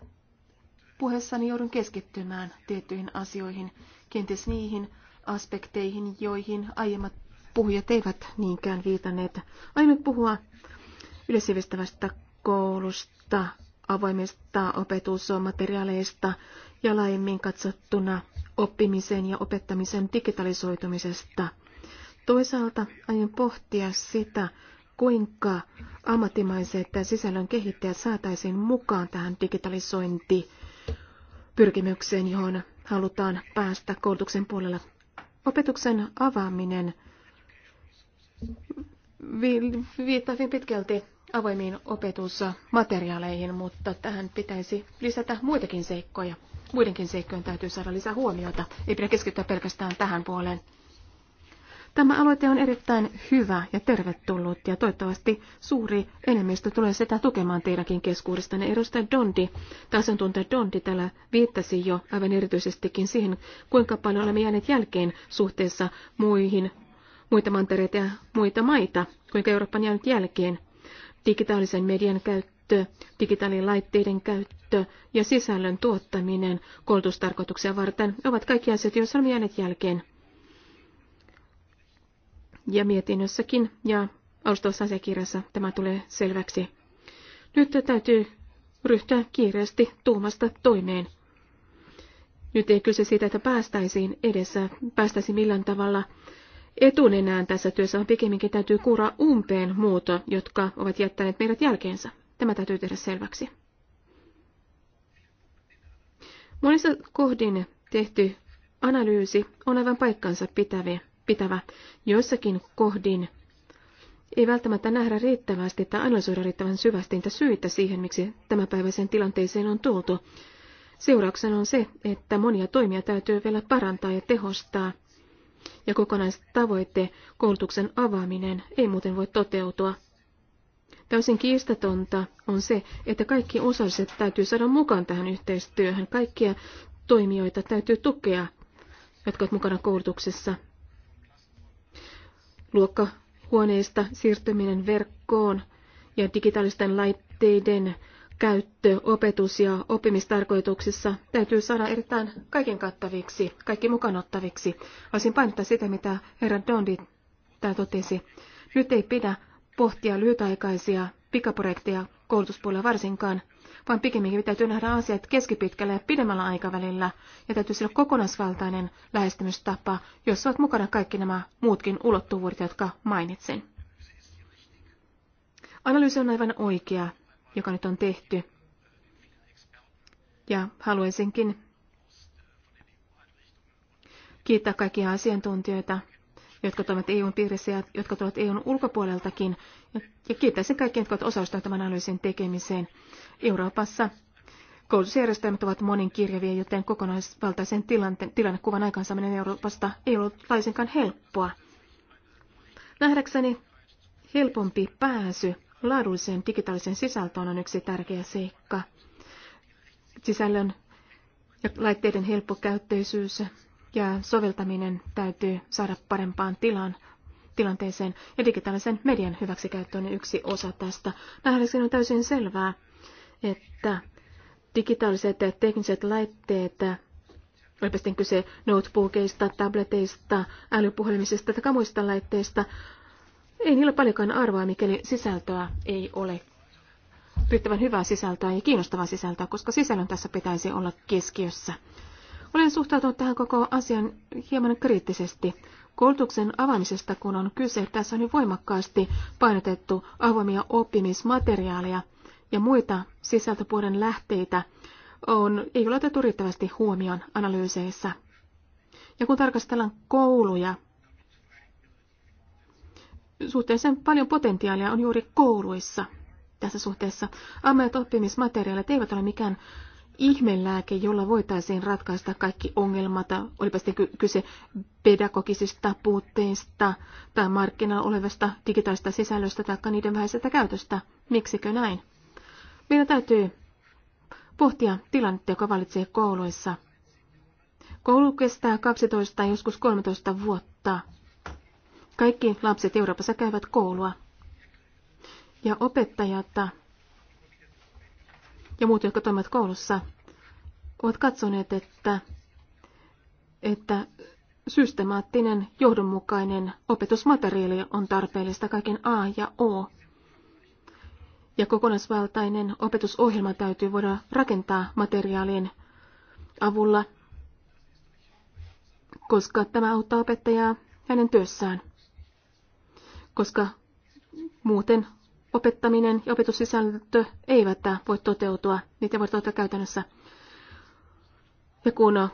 puheessani joudun keskittymään tiettyihin asioihin, kenties niihin aspekteihin, joihin aiemmat puhujat eivät niinkään viitanneet. Aion puhua yleissivistävästä koulusta, avoimista opetusmateriaaleista ja laajemmin katsottuna – oppimisen ja opettamisen digitalisoitumisesta. Toisaalta aion pohtia sitä, kuinka ammattimaiset sisällön kehittäjät saataisiin mukaan tähän digitalisointipyrkimykseen, johon halutaan päästä koulutuksen puolella. Opetuksen avaaminen viittaa hyvin pitkälti avoimiin opetusmateriaaleihin, mutta tähän pitäisi lisätä muitakin seikkoja. Muidenkin seikkojen täytyy saada lisää huomiota. Ei pidä keskittyä pelkästään tähän puoleen. Tämä aloite on erittäin hyvä ja tervetullut ja toivottavasti suuri enemmistö tulee sitä tukemaan teidänkin keskuudestanne. Edustaja Dondi, on asiantuntija Dondi täällä viittasi jo aivan erityisestikin siihen, kuinka paljon olemme jääneet jälkeen suhteessa muihin, muita mantereita ja muita maita, kuinka Eurooppa on jäänyt jälkeen. Digitaalisen median käyttöön käyttö, digitaalilaitteiden käyttö ja sisällön tuottaminen koulutustarkoituksia varten ovat kaikki asiat, joissa on jääneet jälkeen. Ja mietinnössäkin ja alustavassa asiakirjassa tämä tulee selväksi. Nyt täytyy ryhtyä kiireesti tuumasta toimeen. Nyt ei kyse siitä, että päästäisiin edessä, päästäisi millään tavalla etunenään tässä työssä, vaan pikemminkin täytyy kuura umpeen muuto, jotka ovat jättäneet meidät jälkeensä. Tämä täytyy tehdä selväksi. Monissa kohdin tehty analyysi on aivan paikkansa pitävi, pitävä. joissakin kohdin ei välttämättä nähdä riittävästi tai analysoida riittävän syvästi niitä syitä siihen, miksi tämänpäiväiseen tilanteeseen on tultu. Seurauksena on se, että monia toimia täytyy vielä parantaa ja tehostaa, ja kokonaistavoitte koulutuksen avaaminen ei muuten voi toteutua – Täysin kiistatonta on se, että kaikki osalliset täytyy saada mukaan tähän yhteistyöhön. Kaikkia toimijoita täytyy tukea, jotka ovat mukana koulutuksessa. Luokkahuoneista siirtyminen verkkoon ja digitaalisten laitteiden käyttö opetus- ja oppimistarkoituksissa täytyy saada erittäin kaiken kattaviksi, kaikki mukanottaviksi. Olisin painottaa sitä, mitä herra Dondi totesi. Nyt ei pidä pohtia lyhytaikaisia pikaprojekteja koulutuspuolella varsinkaan, vaan pikemminkin täytyy nähdä asiat keskipitkällä ja pidemmällä aikavälillä, ja täytyy olla kokonaisvaltainen lähestymistapa, jossa ovat mukana kaikki nämä muutkin ulottuvuudet, jotka mainitsin. Analyysi on aivan oikea, joka nyt on tehty. Ja haluaisinkin kiittää kaikkia asiantuntijoita jotka toimivat EUn piirissä ja jotka tulevat EUn ulkopuoleltakin. Ja kiittäisin kaikkia, jotka ovat osallistuneet tämän analyysin tekemiseen. Euroopassa koulutusjärjestelmät ovat moninkirjavia, joten kokonaisvaltaisen tilante, tilannekuvan aikaansaaminen Euroopasta ei ollut laisinkaan helppoa. Nähdäkseni helpompi pääsy laadulliseen digitaaliseen sisältöön on yksi tärkeä seikka. Sisällön ja laitteiden helppokäyttöisyys ja soveltaminen täytyy saada parempaan tilaan tilanteeseen ja digitaalisen median hyväksikäyttö on niin yksi osa tästä. Nähdäkseni on täysin selvää, että digitaaliset ja tekniset laitteet, olipa sitten kyse notebookeista, tableteista, älypuhelimisista tai muista laitteista, ei niillä paljonkaan arvoa, mikäli sisältöä ei ole riittävän hyvää sisältöä ja kiinnostavaa sisältöä, koska sisällön tässä pitäisi olla keskiössä. Olen suhtautunut tähän koko asian hieman kriittisesti. Koulutuksen avaamisesta, kun on kyse, tässä on jo voimakkaasti painotettu avoimia oppimismateriaaleja ja muita sisältöpuolen lähteitä on, ei ole otettu riittävästi huomioon analyyseissä. Ja kun tarkastellaan kouluja, suhteellisen paljon potentiaalia on juuri kouluissa tässä suhteessa. Ammeet oppimismateriaalit eivät ole mikään ihmelääke, jolla voitaisiin ratkaista kaikki ongelmat, olipa sitten kyse pedagogisista puutteista tai markkinoilla olevasta digitaalista sisällöstä tai niiden vähäisestä käytöstä. Miksikö näin? Meidän täytyy pohtia tilannetta, joka valitsee kouluissa. Koulu kestää 12 tai joskus 13 vuotta. Kaikki lapset Euroopassa käyvät koulua. Ja opettajat ja muut, jotka toimivat koulussa, ovat katsoneet, että, että systemaattinen, johdonmukainen opetusmateriaali on tarpeellista kaiken A ja O. Ja kokonaisvaltainen opetusohjelma täytyy voida rakentaa materiaalin avulla, koska tämä auttaa opettajaa hänen työssään. Koska muuten opettaminen ja opetussisältö eivät voi toteutua, niitä voi toteuttaa käytännössä. Ja kun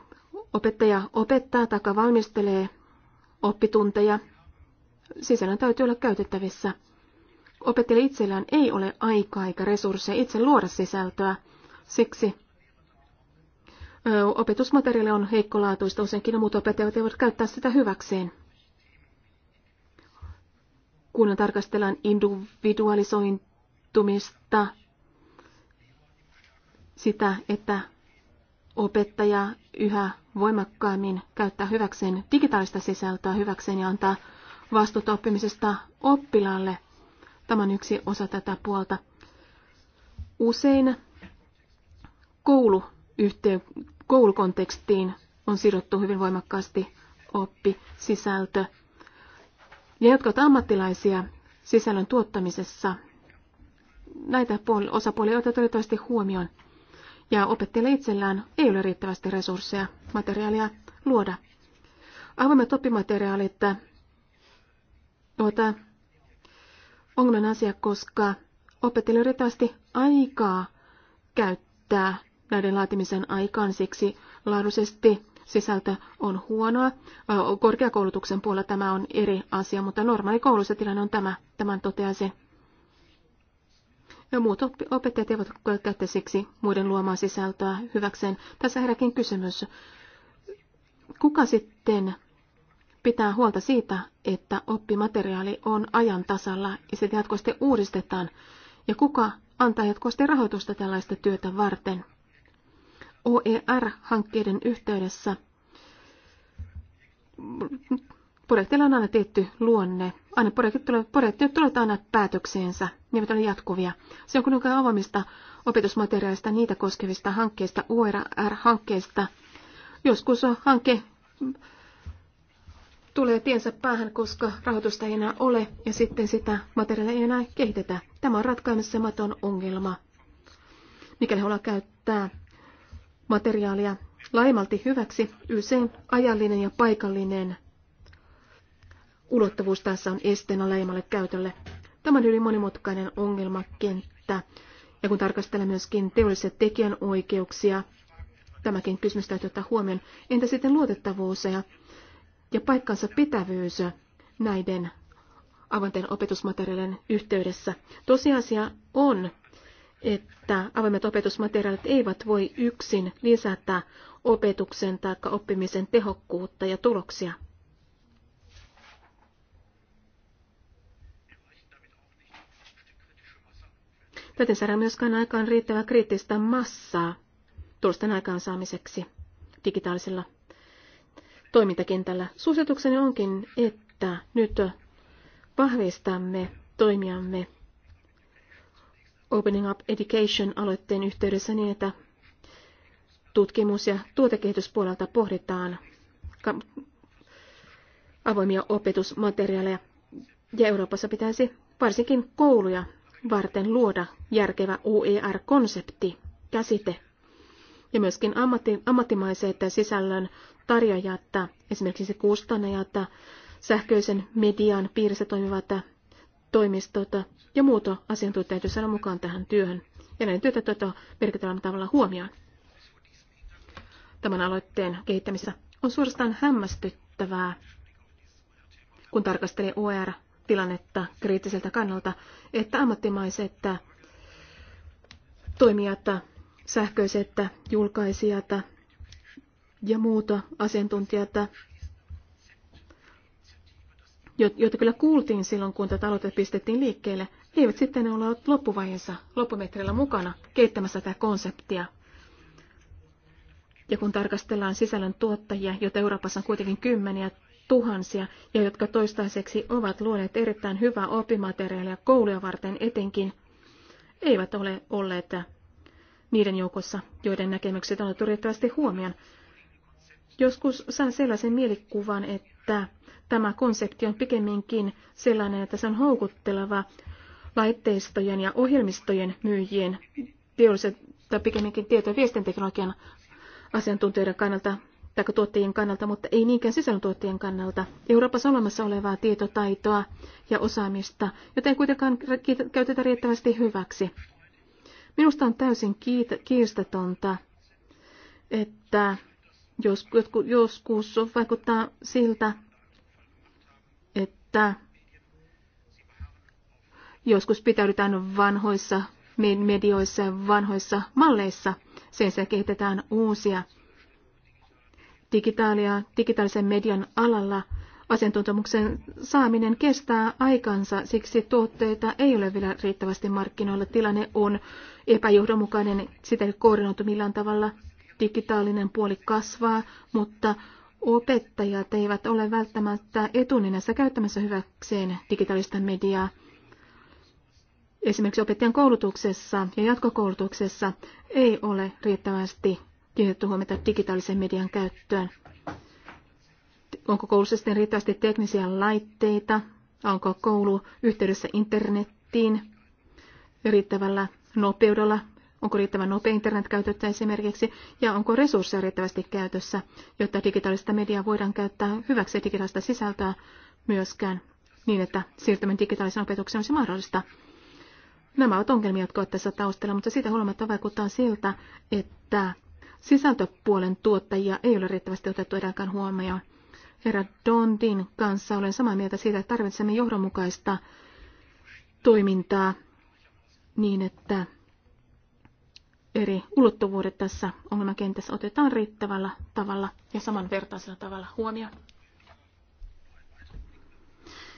opettaja opettaa tai valmistelee oppitunteja, sisällön täytyy olla käytettävissä. Opettajalla itsellään ei ole aikaa eikä resursseja itse luoda sisältöä. Siksi opetusmateriaali on heikkolaatuista, useinkin muut opettajat eivät käyttää sitä hyväkseen kun tarkastellaan individualisointumista, sitä, että opettaja yhä voimakkaammin käyttää hyväkseen digitaalista sisältöä hyväkseen ja antaa vastuuta oppimisesta oppilaalle. Tämä on yksi osa tätä puolta. Usein koulu yhteen, koulukontekstiin on sidottu hyvin voimakkaasti oppisisältö. Ja jotka ovat ammattilaisia sisällön tuottamisessa, näitä osapuolia otetaan toivottavasti huomioon. Ja opettajilla itsellään ei ole riittävästi resursseja, materiaalia luoda. Avoimet oppimateriaalit ovat ongelman asia, koska opettajilla on riittävästi aikaa käyttää näiden laatimisen aikaan, siksi laadullisesti sisältö on huonoa. Korkeakoulutuksen puolella tämä on eri asia, mutta normaalikoulussa tilanne on tämä, tämän toteaisin. Ja muut opettajat eivät käyttää siksi muiden luomaa sisältöä hyväkseen. Tässä heräkin kysymys. Kuka sitten pitää huolta siitä, että oppimateriaali on ajan tasalla ja sitä jatkuvasti uudistetaan? Ja kuka antaa jatkuvasti rahoitusta tällaista työtä varten? OER-hankkeiden yhteydessä projekteilla on aina tietty luonne. Aina projektit tulevat, projektit tulevat aina päätökseensä, ne ovat ole jatkuvia. Se on kuitenkin avoimista opetusmateriaalista niitä koskevista hankkeista, oer hankkeista Joskus on hanke tulee tiensä päähän, koska rahoitusta ei enää ole ja sitten sitä materiaalia ei enää kehitetä. Tämä on ratkaisematon ongelma. Mikäli haluaa käyttää materiaalia laimalti hyväksi, usein ajallinen ja paikallinen ulottuvuus tässä on esteenä laajemmalle käytölle. Tämä on hyvin monimutkainen ongelmakenttä. Ja kun tarkastellaan myöskin teollisia tekijänoikeuksia, tämäkin kysymys täytyy ottaa huomioon. Entä sitten luotettavuus ja, ja paikkansa pitävyys näiden avanteen opetusmateriaalien yhteydessä? Tosiasia on, että avoimet opetusmateriaalit eivät voi yksin lisätä opetuksen tai oppimisen tehokkuutta ja tuloksia. Täten saadaan myöskään aikaan riittävää kriittistä massaa tulosten aikaansaamiseksi digitaalisella toimintakentällä. Suositukseni onkin, että nyt vahvistamme toimiamme Opening Up Education-aloitteen yhteydessä niin, että tutkimus- ja tuotekehityspuolelta pohditaan avoimia opetusmateriaaleja. Ja Euroopassa pitäisi varsinkin kouluja varten luoda järkevä OER-konsepti, käsite. Ja myöskin ammatti, ammattimaiset sisällön tarjoajat, esimerkiksi se kustannajat, sähköisen median piirissä toimivat toimistota ja muuta asiantuntijat täytyy saada mukaan tähän työhön. Ja näin työtä tuota merkittävällä tavalla huomioon tämän aloitteen kehittämisessä. On suorastaan hämmästyttävää, kun tarkastelee OR-tilannetta kriittiseltä kannalta, että ammattimaiset toimijat, sähköiset julkaisijat ja muuta asiantuntijat joita kyllä kuultiin silloin, kun tätä aloitetta pistettiin liikkeelle, eivät sitten ole olleet loppuvaiheessa loppumetreillä mukana keittämässä tätä konseptia. Ja kun tarkastellaan sisällön tuottajia, joita Euroopassa on kuitenkin kymmeniä tuhansia, ja jotka toistaiseksi ovat luoneet erittäin hyvää oppimateriaalia kouluja varten etenkin, eivät ole olleet niiden joukossa, joiden näkemykset on otettu riittävästi huomioon. Joskus saan sellaisen mielikuvan, että Tämä konsepti on pikemminkin sellainen, että se on houkutteleva laitteistojen ja ohjelmistojen myyjien teolliset tai pikemminkin tieto- ja viestintäteknologian asiantuntijoiden kannalta tai tuottajien kannalta, mutta ei niinkään sisällöntuottajien kannalta. Euroopassa on olemassa olevaa tietotaitoa ja osaamista, joten kuitenkaan käytetään riittävästi hyväksi. Minusta on täysin kiistatonta, että jos joskus vaikuttaa siltä, että joskus pitäydytään vanhoissa medioissa ja vanhoissa malleissa. Sen sijaan kehitetään uusia. Digitaalia, digitaalisen median alalla asiantuntemuksen saaminen kestää aikansa, siksi tuotteita ei ole vielä riittävästi markkinoilla. Tilanne on epäjohdonmukainen, sitä ei koordinoitu millään tavalla. Digitaalinen puoli kasvaa, mutta opettajat eivät ole välttämättä etuninässä käyttämässä hyväkseen digitaalista mediaa. Esimerkiksi opettajan koulutuksessa ja jatkokoulutuksessa ei ole riittävästi kiinnitetty huomiota digitaalisen median käyttöön. Onko koulussa sitten riittävästi teknisiä laitteita? Onko koulu yhteydessä internettiin riittävällä nopeudella Onko riittävän nopea internet käytössä esimerkiksi ja onko resursseja riittävästi käytössä, jotta digitaalista mediaa voidaan käyttää hyväksi digitaalista sisältöä myöskään niin, että siirtymän digitaalisen opetukseen olisi mahdollista. Nämä ovat ongelmia, jotka ovat tässä taustalla, mutta siitä huolimatta vaikuttaa siltä, että sisältöpuolen tuottajia ei ole riittävästi otettu edelläkään huomioon. Herra Dondin kanssa olen samaa mieltä siitä, että tarvitsemme johdonmukaista toimintaa niin, että eri ulottuvuudet tässä ongelmakentässä otetaan riittävällä tavalla ja samanvertaisella tavalla huomioon.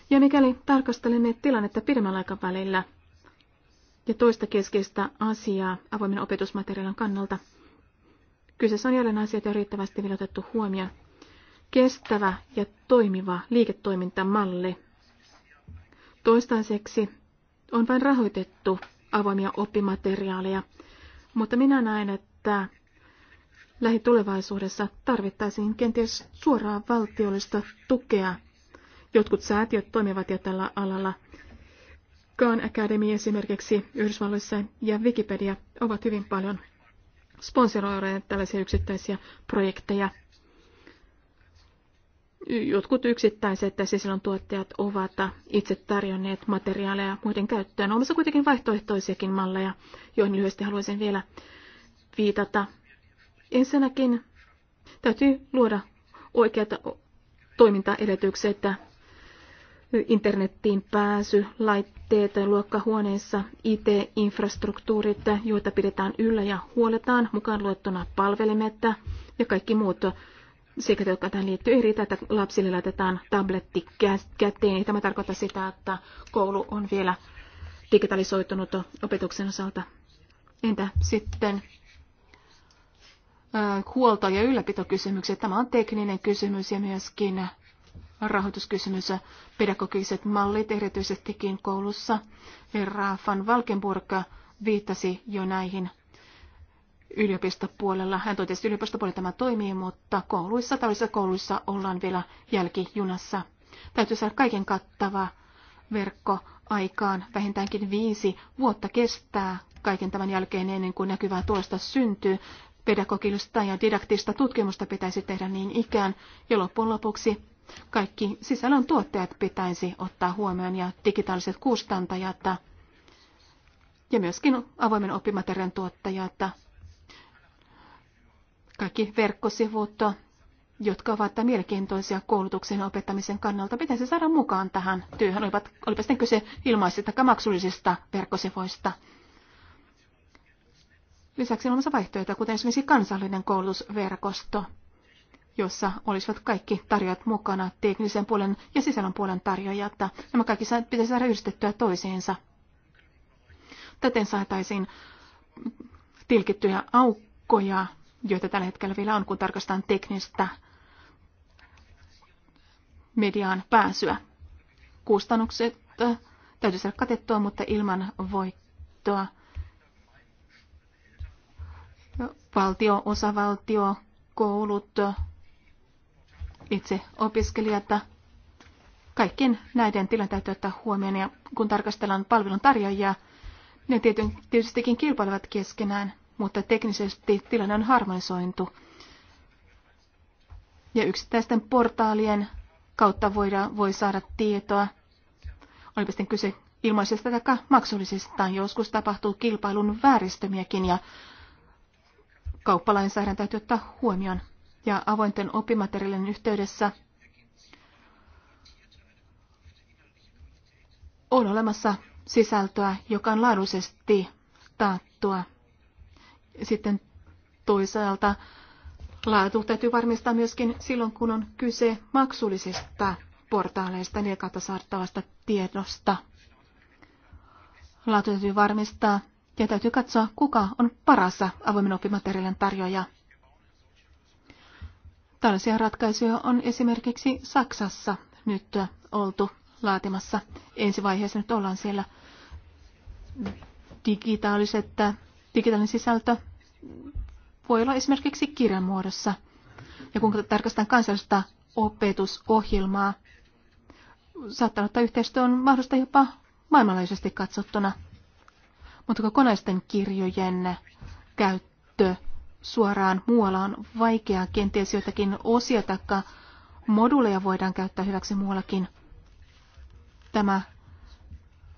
Ja mikäli tarkastelemme tilannetta pidemmällä aikavälillä ja toista keskeistä asiaa avoimen opetusmateriaalin kannalta, kyseessä on jälleen asiat jo riittävästi vielä otettu huomioon. Kestävä ja toimiva liiketoimintamalli. Toistaiseksi on vain rahoitettu avoimia oppimateriaaleja – mutta minä näen, että lähitulevaisuudessa tarvittaisiin kenties suoraa valtiollista tukea. Jotkut säätiöt toimivat jo tällä alalla. Khan Academy esimerkiksi Yhdysvalloissa ja Wikipedia ovat hyvin paljon sponsoroineet tällaisia yksittäisiä projekteja – jotkut yksittäiset sisällön tuottajat ovat itse tarjonneet materiaaleja muiden käyttöön. On olemassa kuitenkin vaihtoehtoisiakin malleja, joihin lyhyesti haluaisin vielä viitata. Ensinnäkin täytyy luoda oikeat toimintaedellytykset, internettiin pääsy, laitteet luokkahuoneissa, IT-infrastruktuurit, joita pidetään yllä ja huoletaan, mukaan luettuna palvelimet ja kaikki muut sekä jotka tähän liittyy. Ei että lapsille laitetaan tabletti käteen. Tämä tarkoittaa sitä, että koulu on vielä digitalisoitunut opetuksen osalta. Entä sitten huolto- ja ylläpitokysymykset? Tämä on tekninen kysymys ja myöskin rahoituskysymys. Pedagogiset mallit erityisestikin koulussa. Herra Van Valkenburg viittasi jo näihin yliopistopuolella. Hän totesi, että yliopistopuolella tämä toimii, mutta kouluissa, tavallisissa kouluissa ollaan vielä jälkijunassa. Täytyy saada kaiken kattava verkko aikaan. Vähintäänkin viisi vuotta kestää kaiken tämän jälkeen ennen kuin näkyvää tuosta syntyy. Pedagogista ja didaktista tutkimusta pitäisi tehdä niin ikään ja loppujen lopuksi kaikki sisällön tuottajat pitäisi ottaa huomioon ja digitaaliset kustantajat ja myöskin avoimen oppimateriaalin tuottajat kaikki verkkosivut, jotka ovat mielenkiintoisia koulutuksen ja opettamisen kannalta, pitäisi saada mukaan tähän työhön, olipa, olipa sitten kyse ilmaisista tai maksullisista verkkosivuista. Lisäksi on olemassa vaihtoehtoja, kuten esimerkiksi kansallinen koulutusverkosto, jossa olisivat kaikki tarjoajat mukana, teknisen puolen ja sisällön puolen tarjoajat. Nämä kaikki pitäisi saada yhdistettyä toisiinsa. Täten saataisiin tilkittyjä aukkoja joita tällä hetkellä vielä on, kun tarkastetaan teknistä mediaan pääsyä. Kustannukset täytyy saada katettua, mutta ilman voittoa. Valtio, osavaltio, koulut, itse opiskelijat, kaikkien näiden tilan täytyy ottaa huomioon. Ja kun tarkastellaan palvelun tarjoajia, ne tietystikin kilpailevat keskenään mutta teknisesti tilanne on harmonisointu. Ja yksittäisten portaalien kautta voidaan voi saada tietoa, olipa sitten kyse ilmaisesta tai maksullisesta. Joskus tapahtuu kilpailun vääristömiäkin ja kauppalainsäädäntö täytyy ottaa huomioon. Ja avointen oppimateriaalien yhteydessä on olemassa sisältöä, joka on laadullisesti taattua. Sitten toisaalta laatu täytyy varmistaa myöskin silloin, kun on kyse maksullisista portaaleista, ja kautta saattavasta tiedosta. Laatu täytyy varmistaa ja täytyy katsoa, kuka on paras avoimen oppimateriaalin tarjoaja. Tällaisia ratkaisuja on esimerkiksi Saksassa nyt oltu laatimassa. Ensi vaiheessa nyt ollaan siellä digitaaliset Digitaalinen sisältö voi olla esimerkiksi kirjan muodossa. Ja kun tarkastetaan kansallista opetusohjelmaa, saattaa ottaa yhteistyö on mahdollista jopa maailmanlaajuisesti katsottuna. Mutta kun koneisten kirjojen käyttö suoraan muualla on vaikeaa, kenties joitakin osia tai moduleja voidaan käyttää hyväksi muuallakin. Tämä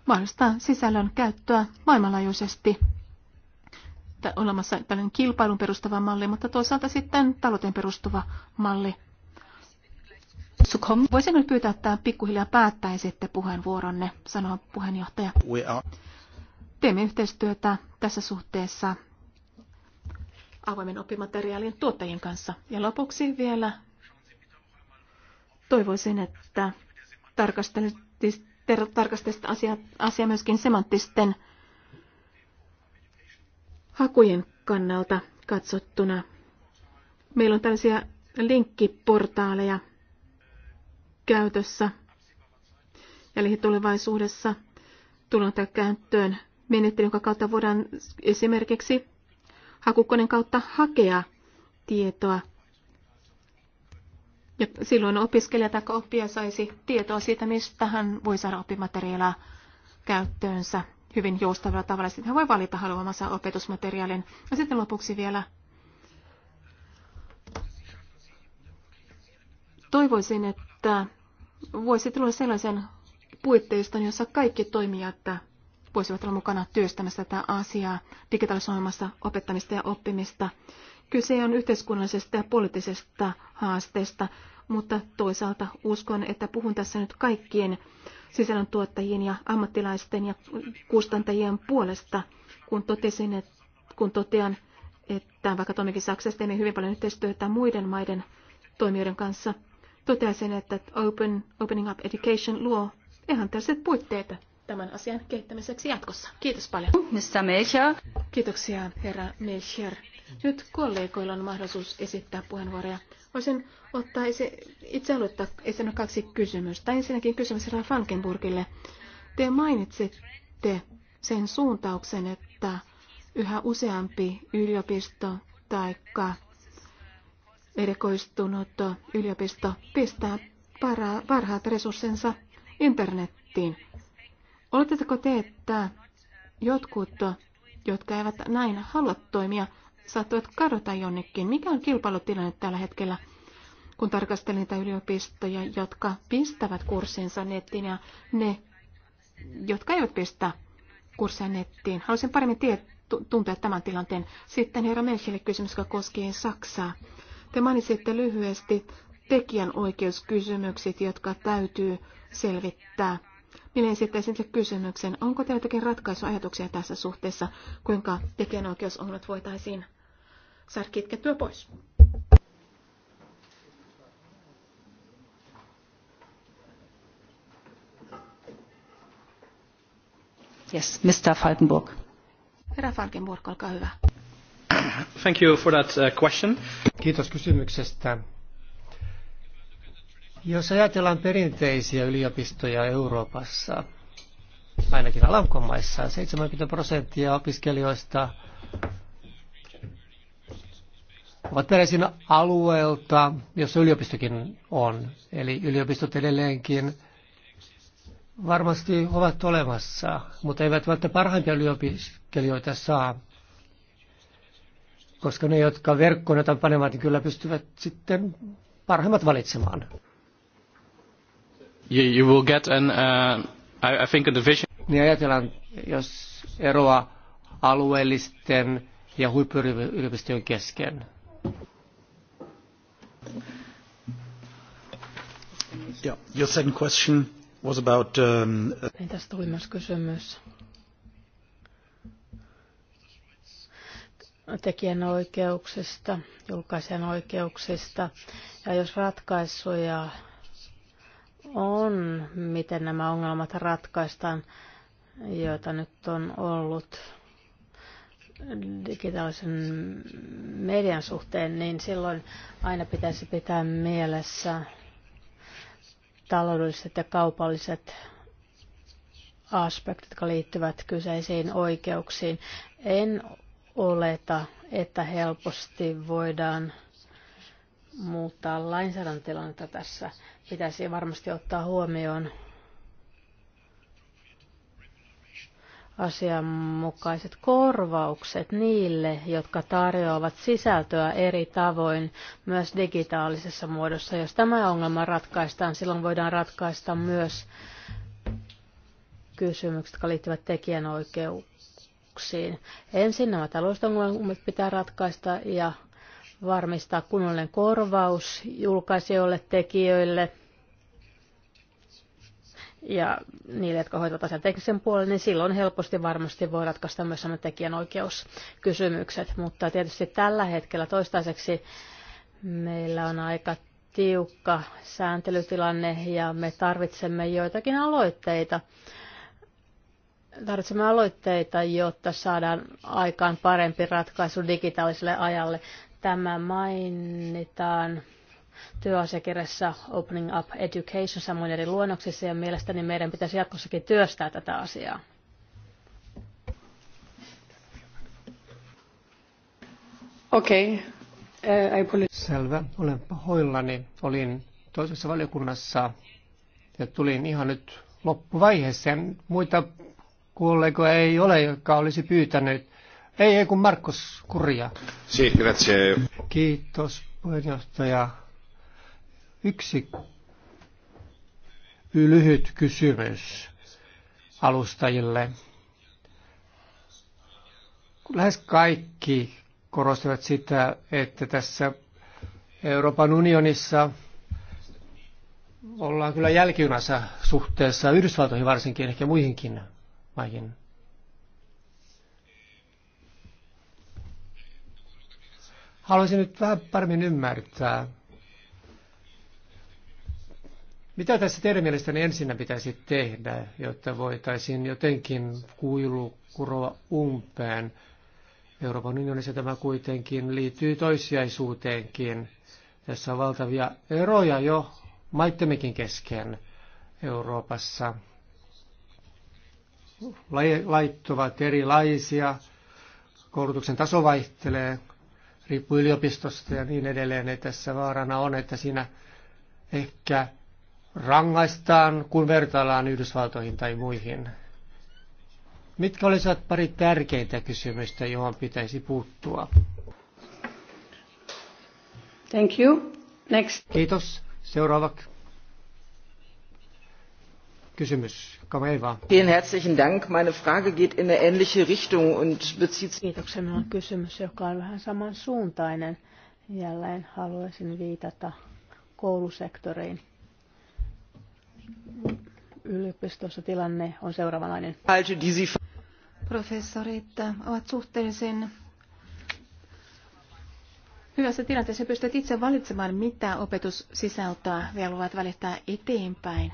mahdollistaa sisällön käyttöä maailmanlaajuisesti olemassa tällainen kilpailun perustava malli, mutta toisaalta sitten talouteen perustuva malli. Voisin nyt pyytää, että pikkuhiljaa päättäisitte puheenvuoronne, sanoo puheenjohtaja. Teemme yhteistyötä tässä suhteessa avoimen oppimateriaalin tuottajien kanssa. Ja lopuksi vielä toivoisin, että tarkastelisitte asiaa asia myöskin semanttisten hakujen kannalta katsottuna. Meillä on tällaisia linkkiportaaleja käytössä. Ja lähitulevaisuudessa tullaan ottaa käyttöön menettely, jonka kautta voidaan esimerkiksi hakukoneen kautta hakea tietoa. Ja silloin opiskelija tai oppija saisi tietoa siitä, mistä hän voi saada oppimateriaalia käyttöönsä hyvin joustavalla tavalla. Sitten hän voi valita haluamansa opetusmateriaalin. Ja sitten lopuksi vielä toivoisin, että voisi tulla sellaisen puitteiston, jossa kaikki toimijat voisivat olla mukana työstämässä tätä asiaa digitalisoimassa opettamista ja oppimista. Kyse on yhteiskunnallisesta ja poliittisesta haasteesta mutta toisaalta uskon, että puhun tässä nyt kaikkien sisällöntuottajien ja ammattilaisten ja kustantajien puolesta, kun, totesin, että, kun totean, että vaikka toimikin Saksassa teemme hyvin paljon yhteistyötä muiden maiden toimijoiden kanssa, toteaisin, että Open, Opening Up Education luo ihan tällaiset puitteet tämän asian kehittämiseksi jatkossa. Kiitos paljon. Kiitoksia, herra Melcher. Nyt kollegoilla on mahdollisuus esittää puheenvuoroja. Voisin ottaa itse aloittaa esiin kaksi kysymystä. Ensinnäkin kysymys herra Frankenburgille. Te mainitsitte sen suuntauksen, että yhä useampi yliopisto tai erikoistunut yliopisto pistää para, parhaat resurssinsa internettiin. Oletteko te, että jotkut, jotka eivät näin halua toimia, saattavat kadota jonnekin. Mikä on kilpailutilanne tällä hetkellä, kun tarkastelen niitä yliopistoja, jotka pistävät kurssinsa nettiin ja ne, jotka eivät pistä kursseja nettiin? Haluaisin paremmin tie- tuntea tämän tilanteen. Sitten herra Melchille kysymys, joka koskee Saksaa. Te mainitsitte lyhyesti tekijänoikeuskysymykset, jotka täytyy selvittää. Minä esittäisin sille kysymyksen, onko teillä ratkaisuajatuksia tässä suhteessa, kuinka tekijänoikeusongelmat voitaisiin saada kitkettyä pois. Yes, Mr. Falkenburg. Herra Falkenburg, olkaa hyvä. Thank you for that uh, question. Kiitos kysymyksestä. Jos ajatellaan perinteisiä yliopistoja Euroopassa, ainakin Alankomaissa, 70 prosenttia opiskelijoista ovat peräisin alueelta, jossa yliopistokin on. Eli yliopistot edelleenkin varmasti ovat olemassa, mutta eivät välttämättä parhaimpia yliopiskelijoita saa, koska ne, jotka verkkoon jotain panemaan, niin kyllä pystyvät sitten parhaimmat valitsemaan. You, you will get an, uh, I, I think a division. Niin ajatellaan, jos eroa alueellisten ja huippuyliopistojen kesken. Yeah, your second question was about... Um, niin tästä tuli myös kysymys tekijänoikeuksista, julkaisijan oikeuksista. Ja jos ratkaisuja on, miten nämä ongelmat ratkaistaan, joita nyt on ollut digitaalisen median suhteen, niin silloin aina pitäisi pitää mielessä taloudelliset ja kaupalliset aspektit, jotka liittyvät kyseisiin oikeuksiin. En oleta, että helposti voidaan muuttaa lainsäädäntötilannetta tässä. Pitäisi varmasti ottaa huomioon asianmukaiset korvaukset niille, jotka tarjoavat sisältöä eri tavoin myös digitaalisessa muodossa. Jos tämä ongelma ratkaistaan, silloin voidaan ratkaista myös kysymykset, jotka liittyvät tekijänoikeuksiin. Ensin nämä talousongelmat pitää ratkaista ja varmistaa kunnollinen korvaus julkaisijoille, tekijöille – ja niille, jotka hoitavat asian teknisen puolen, niin silloin helposti varmasti voi ratkaista myös nämä tekijänoikeuskysymykset. Mutta tietysti tällä hetkellä toistaiseksi meillä on aika tiukka sääntelytilanne ja me tarvitsemme joitakin aloitteita. Tarvitsemme aloitteita, jotta saadaan aikaan parempi ratkaisu digitaaliselle ajalle. Tämä mainitaan työasiakirjassa Opening Up Education samoin eri luonnoksissa ja mielestäni meidän pitäisi jatkossakin työstää tätä asiaa. Okei. Okay. Uh, eh, Selvä. Olen pahoillani. Olin toisessa valiokunnassa ja tulin ihan nyt loppuvaiheeseen. Muita kollegoja ei ole, jotka olisi pyytänyt. Ei, ei kun Markus Kurja. Si, grazie. Kiitos puheenjohtaja. Yksi lyhyt kysymys alustajille. Lähes kaikki korostavat sitä, että tässä Euroopan unionissa ollaan kyllä jälkijunassa suhteessa Yhdysvaltoihin varsinkin, ehkä muihinkin maihin. Haluaisin nyt vähän paremmin ymmärtää, mitä tässä teidän mielestänne ensinnä pitäisi tehdä, jotta voitaisiin jotenkin kuilu kuroa umpeen? Euroopan unionissa tämä kuitenkin liittyy toissijaisuuteenkin. Tässä on valtavia eroja jo maittemmekin kesken Euroopassa. Lait ovat erilaisia, koulutuksen taso vaihtelee, riippuu yliopistosta ja niin edelleen. Ja tässä vaarana on, että siinä ehkä rangaistaan, kun vertaillaan Yhdysvaltoihin tai muihin. Mitkä olisivat pari tärkeintä kysymystä, johon pitäisi puuttua? Thank you. Next. Kiitos. Seuraava kysymys. Kameva. Vielen herzlichen Dank. Meine Frage geht in eine ähnliche Richtung und bezieht sich... Kiitoksia. Minulla on kysymys, joka on vähän samansuuntainen. Jälleen haluaisin viitata koulusektoriin yliopistossa tilanne on seuraavanlainen. Professorit ovat suhteellisen hyvässä tilanteessa pystyvät itse valitsemaan, mitä opetus sisältää ja haluavat välittää eteenpäin.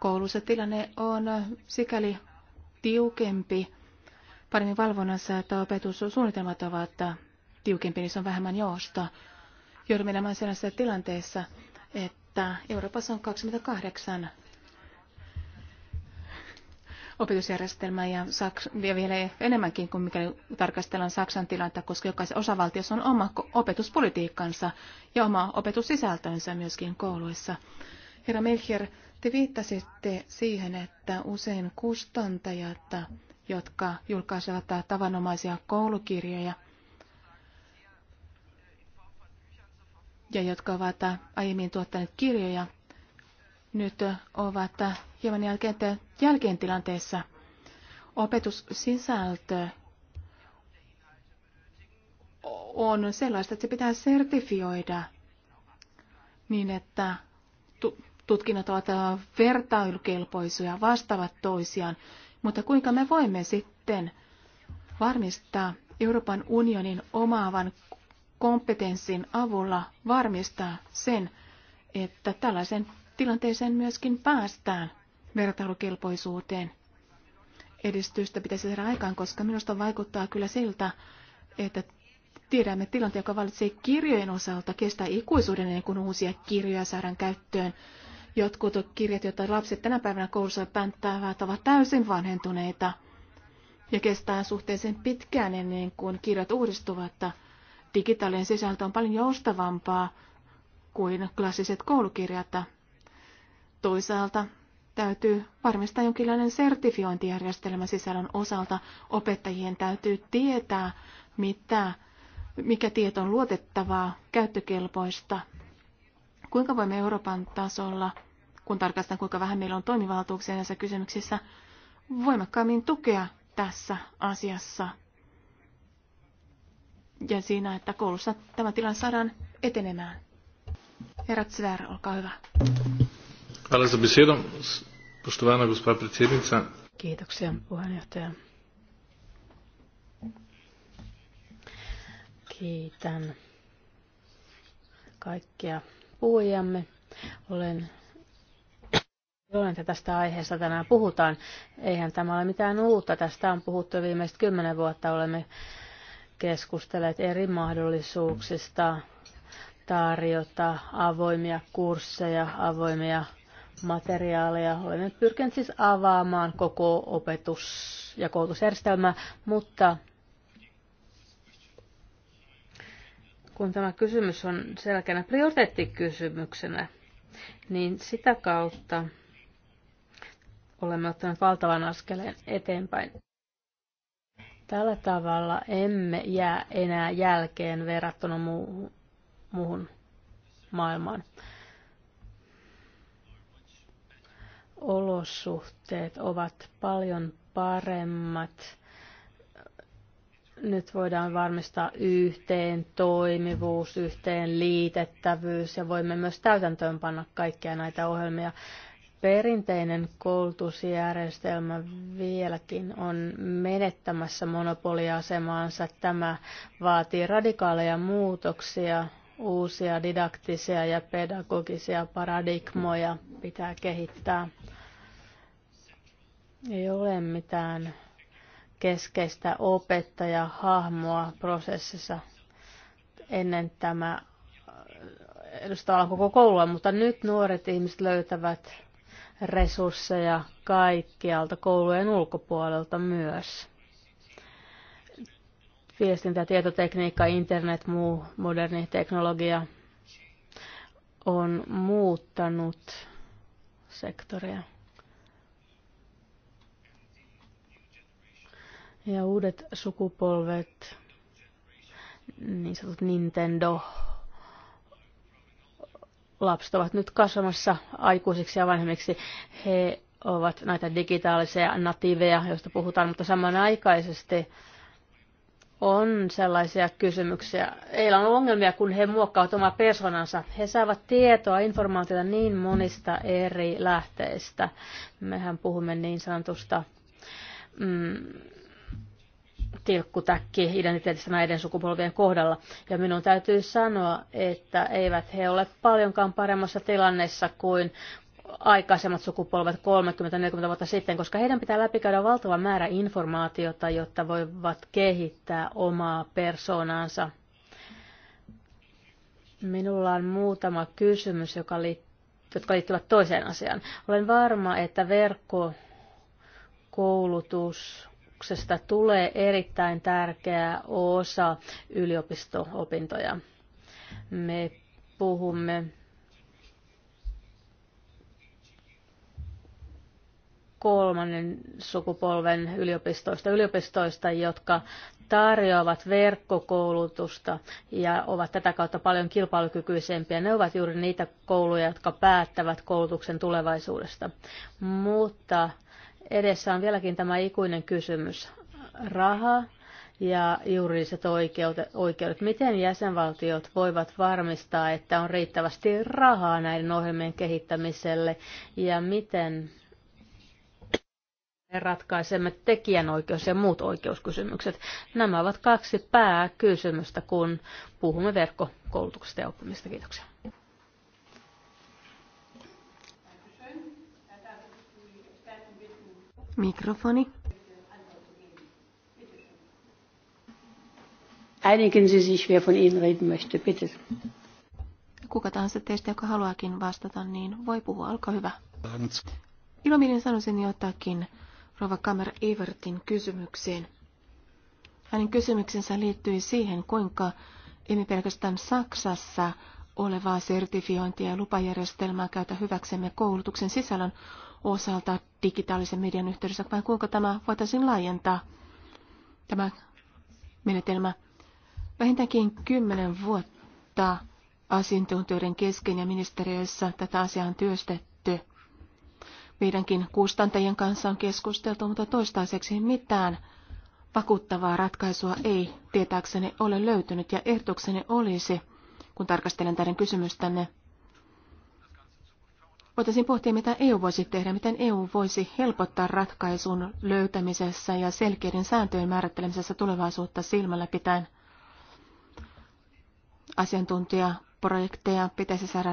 Koulussa tilanne on sikäli tiukempi, paremmin valvonnassa, että opetussuunnitelmat ovat tiukempi, niin se on vähemmän joustoa. Joudumme elämään sellaisessa tilanteessa, että että Euroopassa on 28 opetusjärjestelmää ja, Saks- ja vielä enemmänkin kuin mikäli tarkastellaan Saksan tilannetta, koska jokaisessa osavaltiossa on oma opetuspolitiikkansa ja oma opetussisältönsä myöskin kouluissa. Herra Melchior, te viittasitte siihen, että usein kustantajat, jotka julkaisevat tavanomaisia koulukirjoja – ja jotka ovat äh, aiemmin tuottaneet kirjoja, nyt äh, ovat äh, hieman jälkeen, jälkeen tilanteessa. Opetussisältö on sellaista, että se pitää sertifioida niin, että tutkinnot ovat vertailukelpoisia, vastaavat toisiaan. Mutta kuinka me voimme sitten varmistaa Euroopan unionin omaavan kompetenssin avulla varmistaa sen, että tällaisen tilanteeseen myöskin päästään vertailukelpoisuuteen. Edistystä pitäisi saada aikaan, koska minusta vaikuttaa kyllä siltä, että tiedämme tilanteen, joka valitsee kirjojen osalta, kestää ikuisuuden ennen kuin uusia kirjoja saadaan käyttöön. Jotkut kirjat, joita lapset tänä päivänä koulussa pänttäävät, ovat täysin vanhentuneita ja kestää suhteellisen pitkään ennen kuin kirjat uudistuvat Digitaalinen sisältö on paljon joustavampaa kuin klassiset koulukirjat. Toisaalta täytyy varmistaa jonkinlainen sertifiointijärjestelmä sisällön osalta. Opettajien täytyy tietää, mitä, mikä tieto on luotettavaa, käyttökelpoista. Kuinka voimme Euroopan tasolla, kun tarkastan kuinka vähän meillä on toimivaltuuksia näissä kysymyksissä, voimakkaammin tukea tässä asiassa ja siinä, että koulussa tämä tilanne saadaan etenemään. Herra Cver, olkaa hyvä. Hvala za besedo, poštovana gospa predsjednica. Kiitoksia, puheenjohtaja. Kiitän kaikkia puhujamme. Olen olen tästä aiheesta tänään puhutaan. Eihän tämä ole mitään uutta. Tästä on puhuttu viimeiset kymmenen vuotta. Olemme keskustelet eri mahdollisuuksista tarjota avoimia kursseja, avoimia materiaaleja. Olemme pyrkineet siis avaamaan koko opetus- ja koulutusjärjestelmää, mutta kun tämä kysymys on selkeänä prioriteettikysymyksenä, niin sitä kautta olemme ottaneet valtavan askeleen eteenpäin. Tällä tavalla emme jää enää jälkeen verrattuna muuhun, muuhun maailmaan. Olosuhteet ovat paljon paremmat. Nyt voidaan varmistaa yhteen toimivuus, yhteen liitettävyys ja voimme myös täytäntöönpanna kaikkia näitä ohjelmia perinteinen koulutusjärjestelmä vieläkin on menettämässä monopoliasemaansa. Tämä vaatii radikaaleja muutoksia, uusia didaktisia ja pedagogisia paradigmoja pitää kehittää. Ei ole mitään keskeistä opettajahahmoa prosessissa ennen tämä edustaa koko koulua, mutta nyt nuoret ihmiset löytävät resursseja kaikkialta koulujen ulkopuolelta myös. Viestintä, tietotekniikka, internet, muu moderni teknologia on muuttanut sektoria. Ja uudet sukupolvet, niin sanotut Nintendo lapset ovat nyt kasvamassa aikuisiksi ja vanhemmiksi. He ovat näitä digitaalisia natiiveja, joista puhutaan, mutta samanaikaisesti on sellaisia kysymyksiä. Heillä on ongelmia, kun he muokkaavat omaa persoonansa. He saavat tietoa, informaatiota niin monista eri lähteistä. Mehän puhumme niin sanotusta mm, tilkkutäkki identiteetistä näiden sukupolvien kohdalla. Ja minun täytyy sanoa, että eivät he ole paljonkaan paremmassa tilanneessa kuin aikaisemmat sukupolvet 30-40 vuotta sitten, koska heidän pitää läpikäydä valtava määrä informaatiota, jotta voivat kehittää omaa persoonaansa. Minulla on muutama kysymys, joka liittyy jotka liittyvät toiseen asiaan. Olen varma, että verkkokoulutus koulutuksesta tulee erittäin tärkeä osa yliopisto-opintoja. Me puhumme kolmannen sukupolven yliopistoista, yliopistoista, jotka tarjoavat verkkokoulutusta ja ovat tätä kautta paljon kilpailukykyisempiä. Ne ovat juuri niitä kouluja, jotka päättävät koulutuksen tulevaisuudesta. Mutta edessä on vieläkin tämä ikuinen kysymys. Raha ja juridiset oikeudet, oikeudet. Miten jäsenvaltiot voivat varmistaa, että on riittävästi rahaa näiden ohjelmien kehittämiselle ja miten me ratkaisemme tekijänoikeus- ja muut oikeuskysymykset. Nämä ovat kaksi pääkysymystä, kun puhumme verkkokoulutuksesta ja oppimista. Kiitoksia. Mikrofoni. Einigen Sie sich, wer von Ihnen reden möchte, bitte. Kuka tahansa teistä, joka haluaakin vastata, niin voi puhua. Olkaa hyvä. Ilomielin sanoisin jotakin Rova Kamer Evertin kysymykseen. Hänen kysymyksensä liittyi siihen, kuinka emme pelkästään Saksassa olevaa sertifiointia ja lupajärjestelmää käytä hyväksemme koulutuksen sisällön osalta digitaalisen median yhteydessä, vai kuinka tämä voitaisiin laajentaa, tämä menetelmä. Vähintäänkin kymmenen vuotta asiantuntijoiden kesken ja ministeriöissä tätä asiaa on työstetty. Meidänkin kustantajien kanssa on keskusteltu, mutta toistaiseksi mitään vakuuttavaa ratkaisua ei tietääkseni ole löytynyt ja ehdotukseni olisi, kun tarkastelen tämän kysymystänne, Voitaisiin pohtia, mitä EU voisi tehdä, miten EU voisi helpottaa ratkaisun löytämisessä ja selkeiden sääntöjen määrittelemisessä tulevaisuutta silmällä pitäen. Asiantuntijaprojekteja pitäisi saada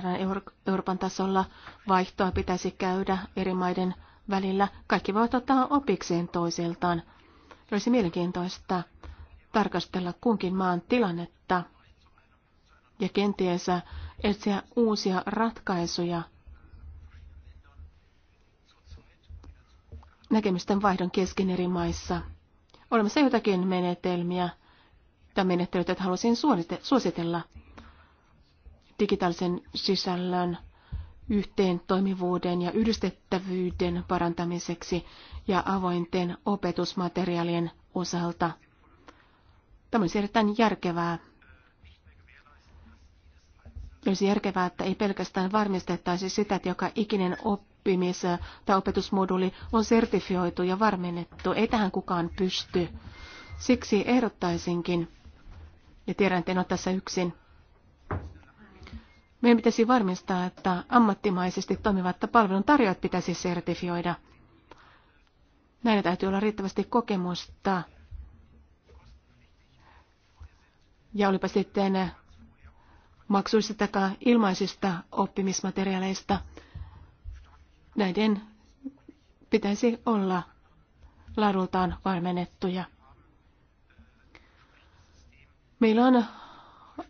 Euroopan tasolla, vaihtoa pitäisi käydä eri maiden välillä. Kaikki voivat ottaa opikseen toisiltaan. Olisi mielenkiintoista tarkastella kunkin maan tilannetta ja kenties etsiä uusia ratkaisuja – näkemysten vaihdon kesken eri maissa. Olemassa jotakin menetelmiä tai menettelyitä, että haluaisin suositella digitaalisen sisällön yhteen toimivuuden ja yhdistettävyyden parantamiseksi ja avointen opetusmateriaalien osalta. Tämä olisi erittäin järkevää olisi järkevää, että ei pelkästään varmistettaisi sitä, että joka ikinen oppimis- tai opetusmoduli on sertifioitu ja varmennettu. Ei tähän kukaan pysty. Siksi ehdottaisinkin, ja tiedän, että en ole tässä yksin, meidän pitäisi varmistaa, että ammattimaisesti toimivat palvelun tarjoajat pitäisi sertifioida. Näin täytyy olla riittävästi kokemusta. Ja olipa sitten maksuisista tai ilmaisista oppimismateriaaleista. Näiden pitäisi olla laadultaan varmennettuja. Meillä on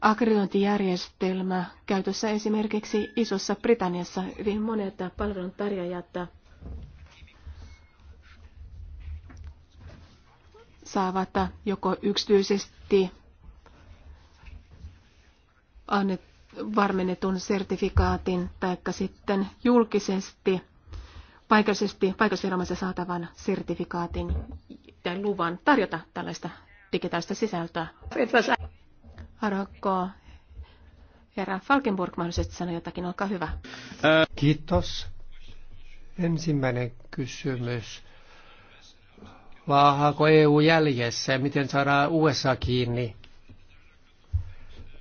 akkreditointijärjestelmä käytössä esimerkiksi Isossa Britanniassa. Hyvin monet palveluntarjoajat saavat joko yksityisesti annet, varmennetun sertifikaatin tai sitten julkisesti paikallisesti, paikallisviranomaisen saatavan sertifikaatin tai luvan tarjota tällaista digitaalista sisältöä. Haluatko herra Falkenburg mahdollisesti sanoa jotakin? Olkaa hyvä. Äh. Kiitos. Ensimmäinen kysymys. Laahaako EU jäljessä ja miten saadaan USA kiinni?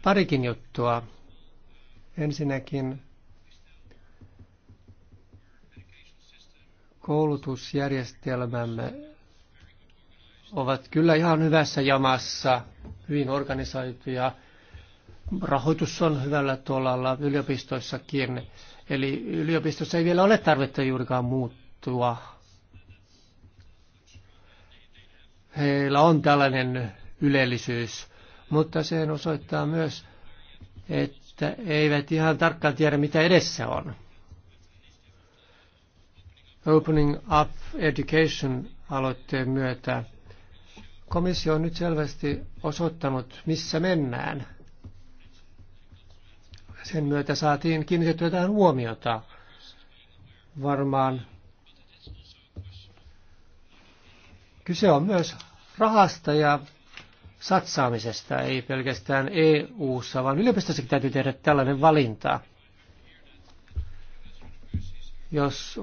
Parikin juttua. Ensinnäkin koulutusjärjestelmämme ovat kyllä ihan hyvässä jamassa, hyvin organisoituja. Rahoitus on hyvällä tuolla yliopistoissakin, eli yliopistossa ei vielä ole tarvetta juurikaan muuttua. Heillä on tällainen ylellisyys mutta sen osoittaa myös, että eivät ihan tarkkaan tiedä, mitä edessä on. Opening Up Education-aloitteen myötä komissio on nyt selvästi osoittanut, missä mennään. Sen myötä saatiin kiinnitettyä tähän huomiota. Varmaan kyse on myös rahasta ja satsaamisesta, ei pelkästään EU-ssa, vaan yliopistossakin täytyy tehdä tällainen valinta. Jos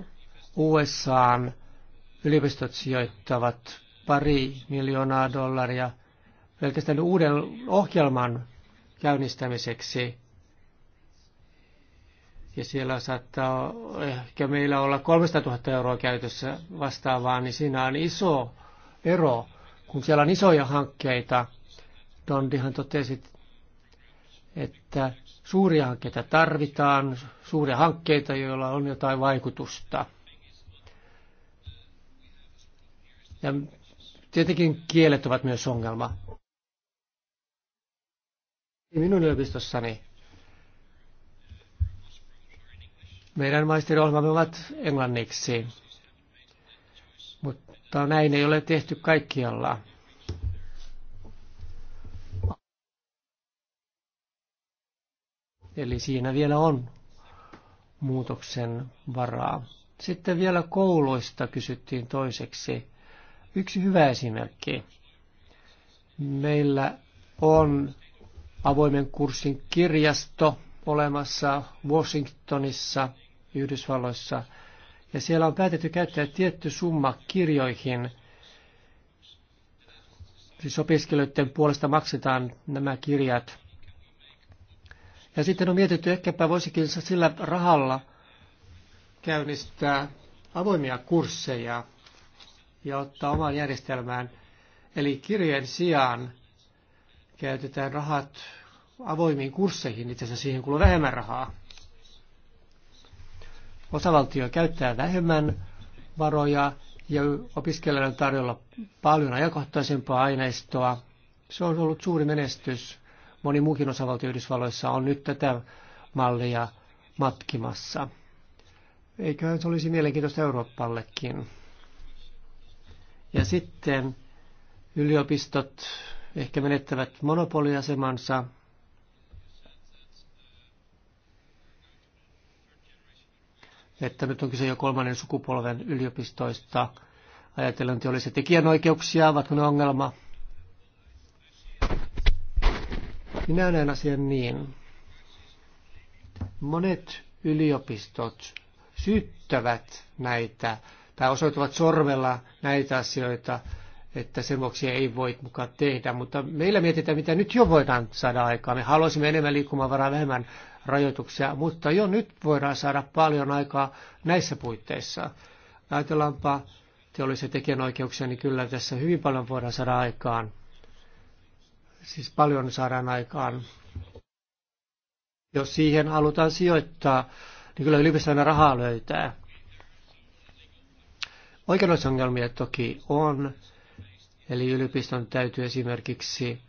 USAan yliopistot sijoittavat pari miljoonaa dollaria pelkästään uuden ohjelman käynnistämiseksi, ja siellä saattaa ehkä meillä olla 300 000 euroa käytössä vastaavaa, niin siinä on iso ero kun siellä on isoja hankkeita, Dondihan totesi, että suuria hankkeita tarvitaan, suuria hankkeita, joilla on jotain vaikutusta. Ja tietenkin kielet ovat myös ongelma. Minun yliopistossani meidän maisteriohjelmamme ovat englanniksi mutta näin ei ole tehty kaikkialla. Eli siinä vielä on muutoksen varaa. Sitten vielä kouluista kysyttiin toiseksi. Yksi hyvä esimerkki. Meillä on avoimen kurssin kirjasto olemassa Washingtonissa, Yhdysvalloissa – ja siellä on päätetty käyttää tietty summa kirjoihin. Siis opiskelijoiden puolesta maksetaan nämä kirjat. Ja sitten on mietitty, ehkäpä voisikin sillä rahalla käynnistää avoimia kursseja ja ottaa oman järjestelmään. Eli kirjeen sijaan käytetään rahat avoimiin kursseihin, itse asiassa siihen kuluu vähemmän rahaa osavaltio käyttää vähemmän varoja ja opiskelijoille on tarjolla paljon ajankohtaisempaa aineistoa. Se on ollut suuri menestys. Moni muukin osavaltio Yhdysvalloissa on nyt tätä mallia matkimassa. Eiköhän se olisi mielenkiintoista Eurooppallekin. Ja sitten yliopistot ehkä menettävät monopoliasemansa että nyt on kyse jo kolmannen sukupolven yliopistoista. Ajatellaan olisi tekijänoikeuksia, ovatko ne ongelma? Minä näen asian niin. Monet yliopistot syyttävät näitä tai osoittavat sormella näitä asioita että sen vuoksi ei voi mukaan tehdä, mutta meillä mietitään, mitä nyt jo voidaan saada aikaa. Me haluaisimme enemmän liikkumavaraa, vähemmän rajoituksia, mutta jo nyt voidaan saada paljon aikaa näissä puitteissa. Ajatellaanpa teollisia tekijänoikeuksia, niin kyllä tässä hyvin paljon voidaan saada aikaan. Siis paljon saadaan aikaan. Jos siihen halutaan sijoittaa, niin kyllä yliopistolla rahaa löytää. Oikeudellisongelmia toki on, Eli yliopiston täytyy esimerkiksi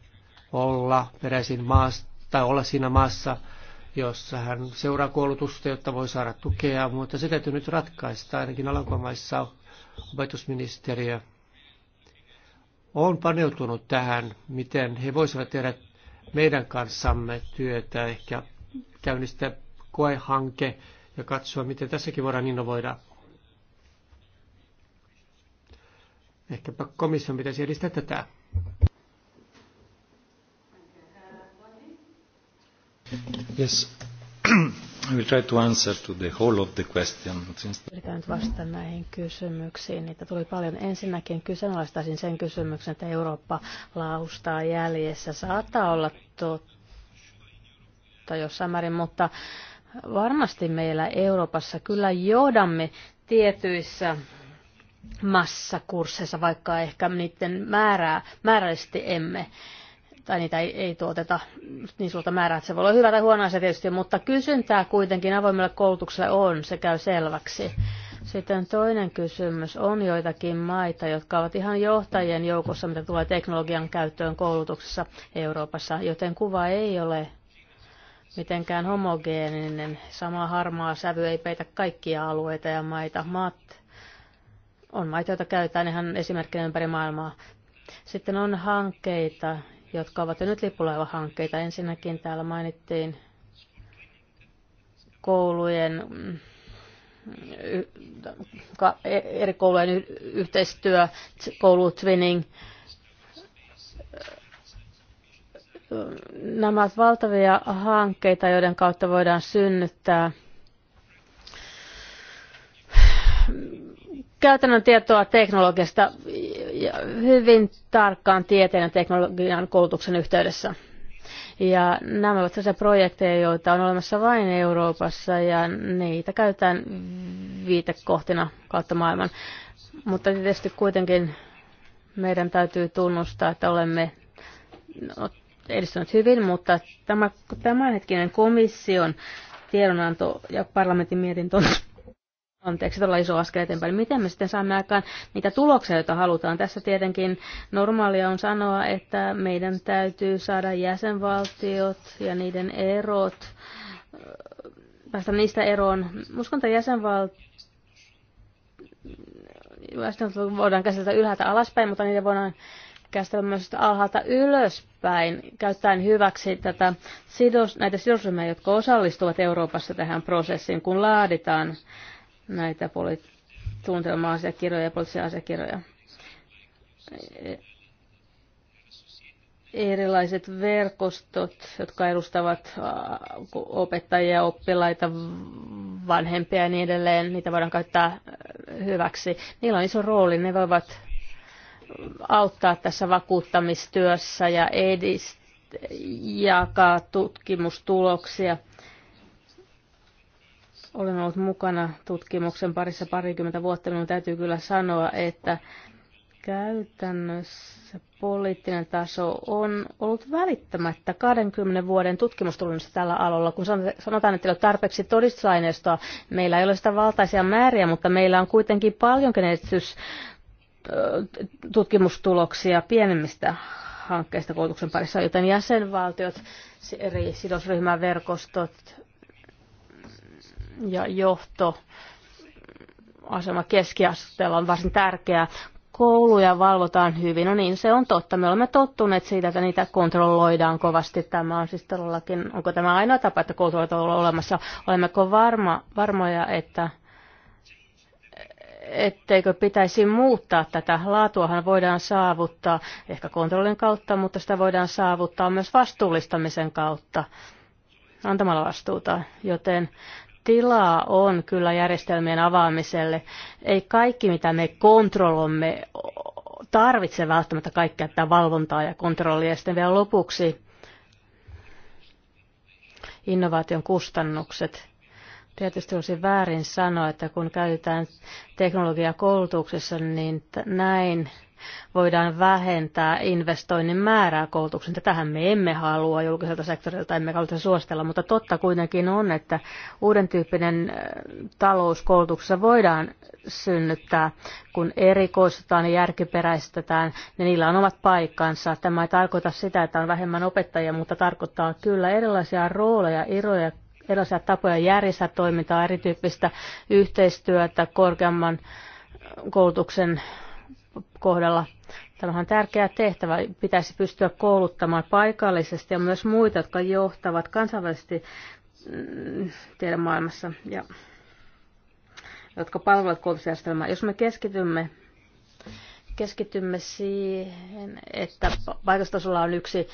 olla peräisin maasta tai olla siinä maassa, jossa hän seuraa koulutusta, jotta voi saada tukea, mutta se täytyy nyt ratkaista. Ainakin Alankomaissa opetusministeriö on paneutunut tähän, miten he voisivat tehdä meidän kanssamme työtä, ehkä käynnistää koehanke ja katsoa, miten tässäkin voidaan innovoida Ehkäpä komission pitäisi edistää tätä. Yes. I will try to answer to the whole of the question. Yritän nyt vastata näihin kysymyksiin. Niitä tuli paljon. Ensinnäkin kyseenalaistaisin sen kysymyksen, että Eurooppa laustaa jäljessä. Saattaa olla totta jossain määrin, mutta varmasti meillä Euroopassa kyllä johdamme tietyissä massakursseissa, vaikka ehkä niiden määrää, määrällisesti emme tai niitä ei, ei tuoteta niin suurta määrää, että se voi olla hyvä tai huono asia tietysti, mutta kysyntää kuitenkin avoimelle koulutukselle on, se käy selväksi. Sitten toinen kysymys. On joitakin maita, jotka ovat ihan johtajien joukossa, mitä tulee teknologian käyttöön koulutuksessa Euroopassa, joten kuva ei ole mitenkään homogeeninen. Sama harmaa sävy ei peitä kaikkia alueita ja maita. Maat on maita, joita käytetään ihan esimerkkinä ympäri maailmaa. Sitten on hankkeita, jotka ovat jo nyt lippulaivahankkeita. Ensinnäkin täällä mainittiin koulujen mm, e, eri koulujen yhteistyö, koulu twinning. Nämä ovat valtavia hankkeita, joiden kautta voidaan synnyttää käytännön tietoa teknologiasta hyvin tarkkaan tieteen ja teknologian koulutuksen yhteydessä. Ja nämä ovat sellaisia projekteja, joita on olemassa vain Euroopassa ja niitä käytetään viitekohtina kautta maailman. Mutta tietysti kuitenkin meidän täytyy tunnustaa, että olemme no, edistyneet hyvin, mutta tämä, tämänhetkinen komission tiedonanto ja parlamentin mietintö on anteeksi, todella iso askel eteenpäin. Miten me sitten saamme aikaan niitä tuloksia, joita halutaan? Tässä tietenkin normaalia on sanoa, että meidän täytyy saada jäsenvaltiot ja niiden erot, äh, päästä niistä eroon. Uskon, että jäsenvaltiot voidaan käsitellä ylhäältä alaspäin, mutta niitä voidaan käsitellä myös alhaalta ylöspäin, käyttäen hyväksi tätä sidos, näitä sidosryhmiä, jotka osallistuvat Euroopassa tähän prosessiin, kun laaditaan näitä poli- tuntelma asiakirjoja ja poliittisia asiakirjoja. Erilaiset verkostot, jotka edustavat opettajia, oppilaita, vanhempia ja niin edelleen, niitä voidaan käyttää hyväksi. Niillä on iso rooli, ne voivat auttaa tässä vakuuttamistyössä ja edistää jakaa tutkimustuloksia – olen ollut mukana tutkimuksen parissa parikymmentä vuotta. Minun täytyy kyllä sanoa, että käytännössä poliittinen taso on ollut välittämättä 20 vuoden tutkimustuloksessa tällä alalla. Kun sanotaan, että ei ole tarpeeksi todistusaineistoa, meillä ei ole sitä valtaisia määriä, mutta meillä on kuitenkin paljon kenetys tutkimustuloksia pienemmistä hankkeista koulutuksen parissa, joten jäsenvaltiot, eri sidosryhmäverkostot, ja johto asema keskiasteella on varsin tärkeää. Kouluja valvotaan hyvin, no niin, se on totta. Me olemme tottuneet siitä, että niitä kontrolloidaan kovasti. Tämä on siis todellakin, onko tämä ainoa tapa, että koulutuolet on olemassa? Olemmeko varma, varmoja, että etteikö pitäisi muuttaa tätä. Laatuahan voidaan saavuttaa ehkä kontrollin kautta, mutta sitä voidaan saavuttaa myös vastuullistamisen kautta antamalla vastuuta, joten tilaa on kyllä järjestelmien avaamiselle. Ei kaikki, mitä me kontrollomme, tarvitse välttämättä kaikkea tätä valvontaa ja kontrollia. Ja sitten vielä lopuksi innovaation kustannukset. Tietysti olisi väärin sanoa, että kun käytetään teknologiaa koulutuksessa, niin näin voidaan vähentää investoinnin määrää koulutuksen. Tätähän me emme halua julkiselta sektorilta, emme halua suostella, mutta totta kuitenkin on, että uuden tyyppinen talous koulutuksessa voidaan synnyttää, kun erikoistetaan ja järkiperäistetään, niin niillä on omat paikkansa. Tämä ei tarkoita sitä, että on vähemmän opettajia, mutta tarkoittaa kyllä erilaisia rooleja, eroja, erilaisia tapoja järjestää toimintaa, erityyppistä yhteistyötä korkeamman koulutuksen kohdalla. Tämä on tärkeä tehtävä. Pitäisi pystyä kouluttamaan paikallisesti ja myös muita, jotka johtavat kansainvälisesti mm, tiedemaailmassa ja jotka palvelevat koulutusjärjestelmää. Jos me keskitymme keskitymme siihen, että paikastasolla on yksi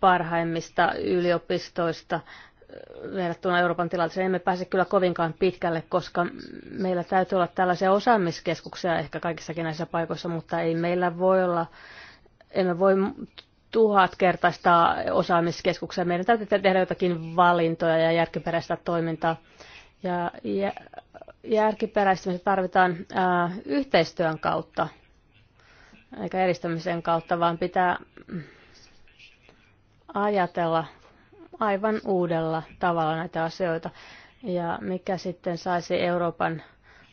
parhaimmista yliopistoista verrattuna Euroopan tilanteeseen emme pääse kyllä kovinkaan pitkälle, koska meillä täytyy olla tällaisia osaamiskeskuksia ehkä kaikissakin näissä paikoissa, mutta ei meillä voi olla, emme voi tuhat kertaista osaamiskeskuksia. Meidän täytyy tehdä jotakin valintoja ja järkiperäistä toimintaa. Ja järkiperäistymistä tarvitaan ää, yhteistyön kautta, eikä eristämisen kautta, vaan pitää ajatella aivan uudella tavalla näitä asioita. Ja mikä sitten saisi Euroopan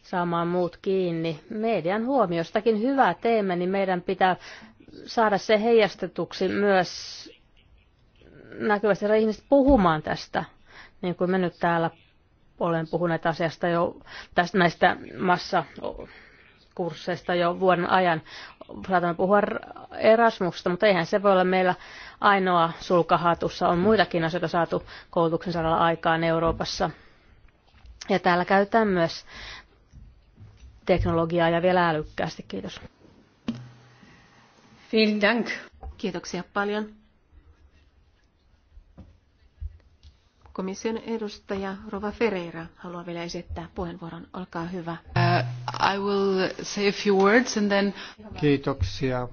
saamaan muut kiinni. Median huomiostakin hyvää teemme, niin meidän pitää saada se heijastetuksi myös näkyvästi ihmiset puhumaan tästä, niin kuin me nyt täällä olen puhunut asiasta jo tästä näistä massa kursseista jo vuoden ajan. Saatamme puhua Erasmuksesta, mutta eihän se voi olla meillä ainoa sulkahatussa. On muitakin asioita saatu koulutuksen saralla aikaan Euroopassa. Ja täällä käytetään myös teknologiaa ja vielä älykkäästi. Kiitos. Vielen Dank. Kiitoksia paljon. Komission edustaja Rova Ferreira haluaa vielä esittää puheenvuoron. Olkaa hyvä. Uh, I will say a few words and then... Kiitoksia.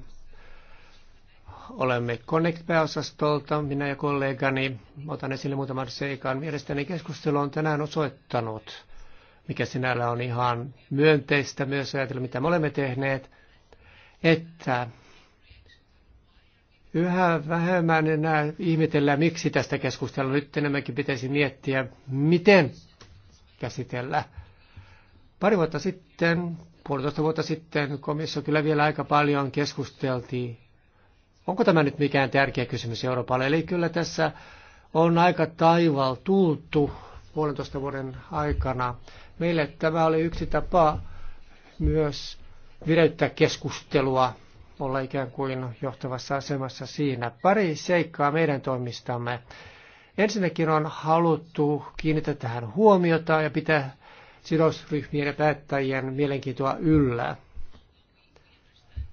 Olemme Connect-pääosastolta. Minä ja kollegani otan esille muutaman seikan. Mielestäni keskustelu on tänään osoittanut, mikä sinällä on ihan myönteistä myös ajatella, mitä me olemme tehneet, että Yhä vähemmän enää ihmetellään, miksi tästä keskustellaan. Nyt enemmänkin pitäisi miettiä, miten käsitellä. Pari vuotta sitten, puolitoista vuotta sitten, komissio kyllä vielä aika paljon keskusteltiin. Onko tämä nyt mikään tärkeä kysymys Euroopalle? Eli kyllä tässä on aika taival tultu puolentoista vuoden aikana. Meille tämä oli yksi tapa myös vireyttää keskustelua olla ikään kuin johtavassa asemassa siinä. Pari seikkaa meidän toimistamme. Ensinnäkin on haluttu kiinnittää tähän huomiota ja pitää sidosryhmien ja päättäjien mielenkiintoa yllä.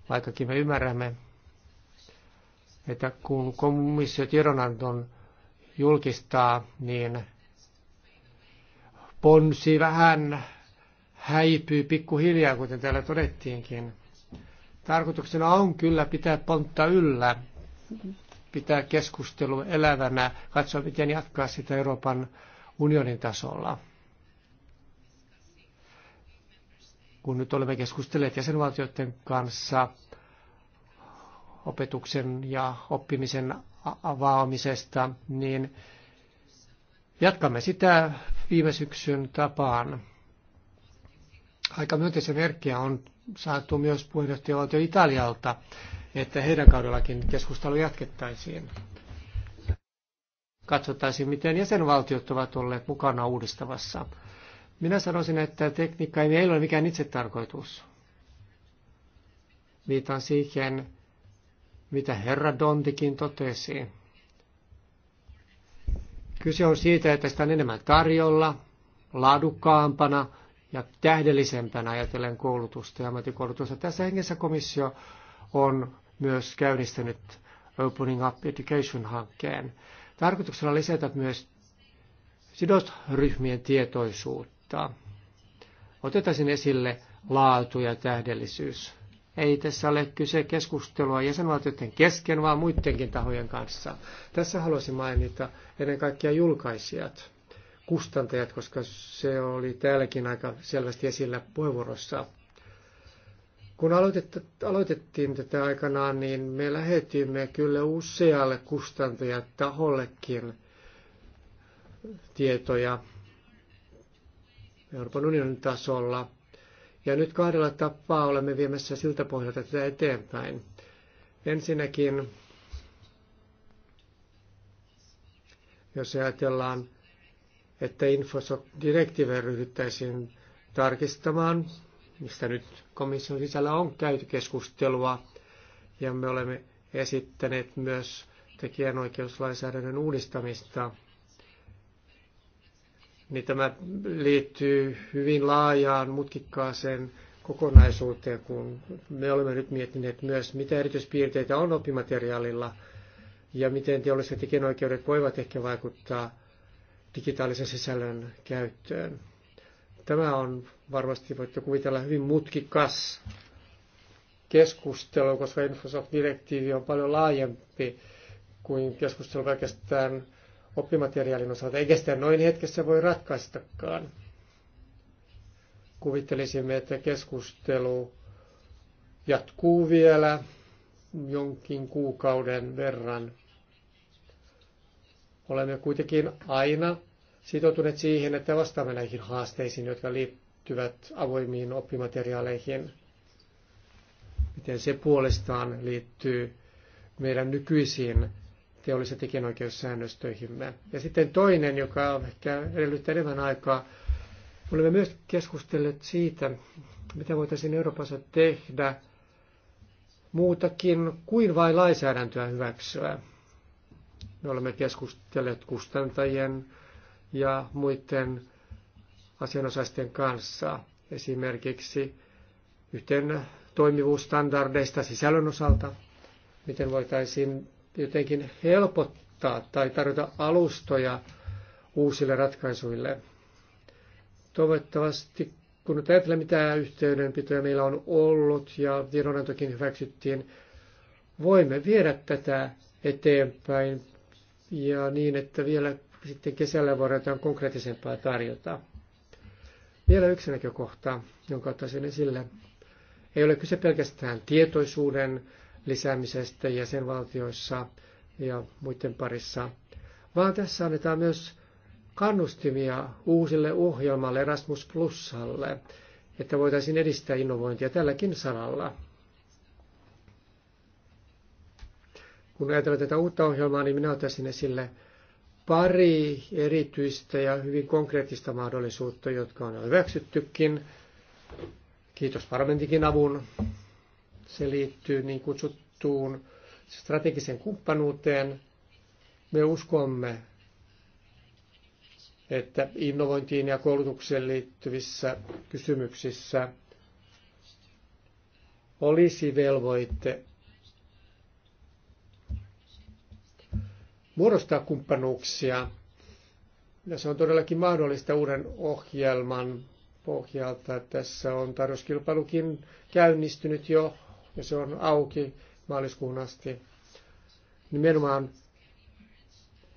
Vaikkakin me ymmärrämme, että kun komissio tiedonanton julkistaa, niin ponsi vähän häipyy pikkuhiljaa, kuten täällä todettiinkin. Tarkoituksena on kyllä pitää pontta yllä, pitää keskustelu elävänä, katsoa miten jatkaa sitä Euroopan unionin tasolla. Kun nyt olemme keskustelleet jäsenvaltioiden kanssa opetuksen ja oppimisen avaamisesta, niin jatkamme sitä viime syksyn tapaan. Aika myönteisen merkkiä on saatu myös puheenjohtajavaltio Italialta, että heidän kaudellakin keskustelu jatkettaisiin. Katsottaisiin, miten jäsenvaltiot ovat olleet mukana uudistavassa. Minä sanoisin, että tekniikka ei meillä ole mikään itsetarkoitus. Viitan siihen, mitä herra Dontikin totesi. Kyse on siitä, että sitä on enemmän tarjolla, laadukkaampana – ja tähdellisempänä ajatellen koulutusta ja ammattikoulutusta. Tässä hengessä komissio on myös käynnistänyt Opening Up Education-hankkeen. Tarkoituksena lisätä myös sidosryhmien tietoisuutta. Otetaan esille laatu ja tähdellisyys. Ei tässä ole kyse keskustelua jäsenvaltioiden kesken, vaan muidenkin tahojen kanssa. Tässä haluaisin mainita ennen kaikkea julkaisijat kustantajat, koska se oli täälläkin aika selvästi esillä puheenvuorossa. Kun aloitettiin tätä aikanaan, niin me lähetimme kyllä usealle kustantajatahollekin tietoja Euroopan unionin tasolla. Ja nyt kahdella tapaa olemme viemässä siltä pohjalta tätä eteenpäin. Ensinnäkin, jos ajatellaan että infosok-direktiivejä ryhdyttäisiin tarkistamaan, mistä nyt komission sisällä on käyty keskustelua. Ja me olemme esittäneet myös tekijänoikeuslainsäädännön uudistamista. Niin tämä liittyy hyvin laajaan, mutkikkaaseen kokonaisuuteen, kun me olemme nyt miettineet myös, mitä erityispiirteitä on oppimateriaalilla ja miten teolliset tekijänoikeudet voivat ehkä vaikuttaa digitaalisen sisällön käyttöön. Tämä on varmasti, voitte kuvitella, hyvin mutkikas keskustelu, koska Infosoft-direktiivi on paljon laajempi kuin keskustelu pelkästään oppimateriaalin osalta, eikä sitä noin hetkessä voi ratkaistakaan. Kuvittelisimme, että keskustelu jatkuu vielä jonkin kuukauden verran. Olemme kuitenkin aina sitoutuneet siihen, että vastaamme näihin haasteisiin, jotka liittyvät avoimiin oppimateriaaleihin. Miten se puolestaan liittyy meidän nykyisiin teollis- ja tekijänoikeussäännöstöihimme. Ja sitten toinen, joka ehkä edellyttää enemmän aikaa, olemme myös keskustelleet siitä, mitä voitaisiin Euroopassa tehdä muutakin kuin vain lainsäädäntöä hyväksyä. Me olemme keskustelleet kustantajien ja muiden asianosaisten kanssa esimerkiksi yhteen toimivuusstandardeista sisällön osalta, miten voitaisiin jotenkin helpottaa tai tarjota alustoja uusille ratkaisuille. Toivottavasti, kun nyt ajatellaan, mitä yhteydenpitoja meillä on ollut ja tiedonantokin hyväksyttiin, voimme viedä tätä eteenpäin ja niin, että vielä sitten kesällä voidaan jotain konkreettisempaa tarjota. Vielä yksi näkökohta, jonka ottaisin esille. Ei ole kyse pelkästään tietoisuuden lisäämisestä jäsenvaltioissa ja muiden parissa, vaan tässä annetaan myös kannustimia uusille ohjelmalle Erasmus Plusalle, että voitaisiin edistää innovointia tälläkin sanalla. Kun ajatellaan tätä uutta ohjelmaa, niin minä ottaisin esille pari erityistä ja hyvin konkreettista mahdollisuutta, jotka on hyväksyttykin. Kiitos parlamentikin avun. Se liittyy niin kutsuttuun strategiseen kumppanuuteen. Me uskomme, että innovointiin ja koulutukseen liittyvissä kysymyksissä olisi velvoitte muodostaa kumppanuuksia. Ja se on todellakin mahdollista uuden ohjelman pohjalta. Tässä on tarjouskilpailukin käynnistynyt jo ja se on auki maaliskuun asti. Nimenomaan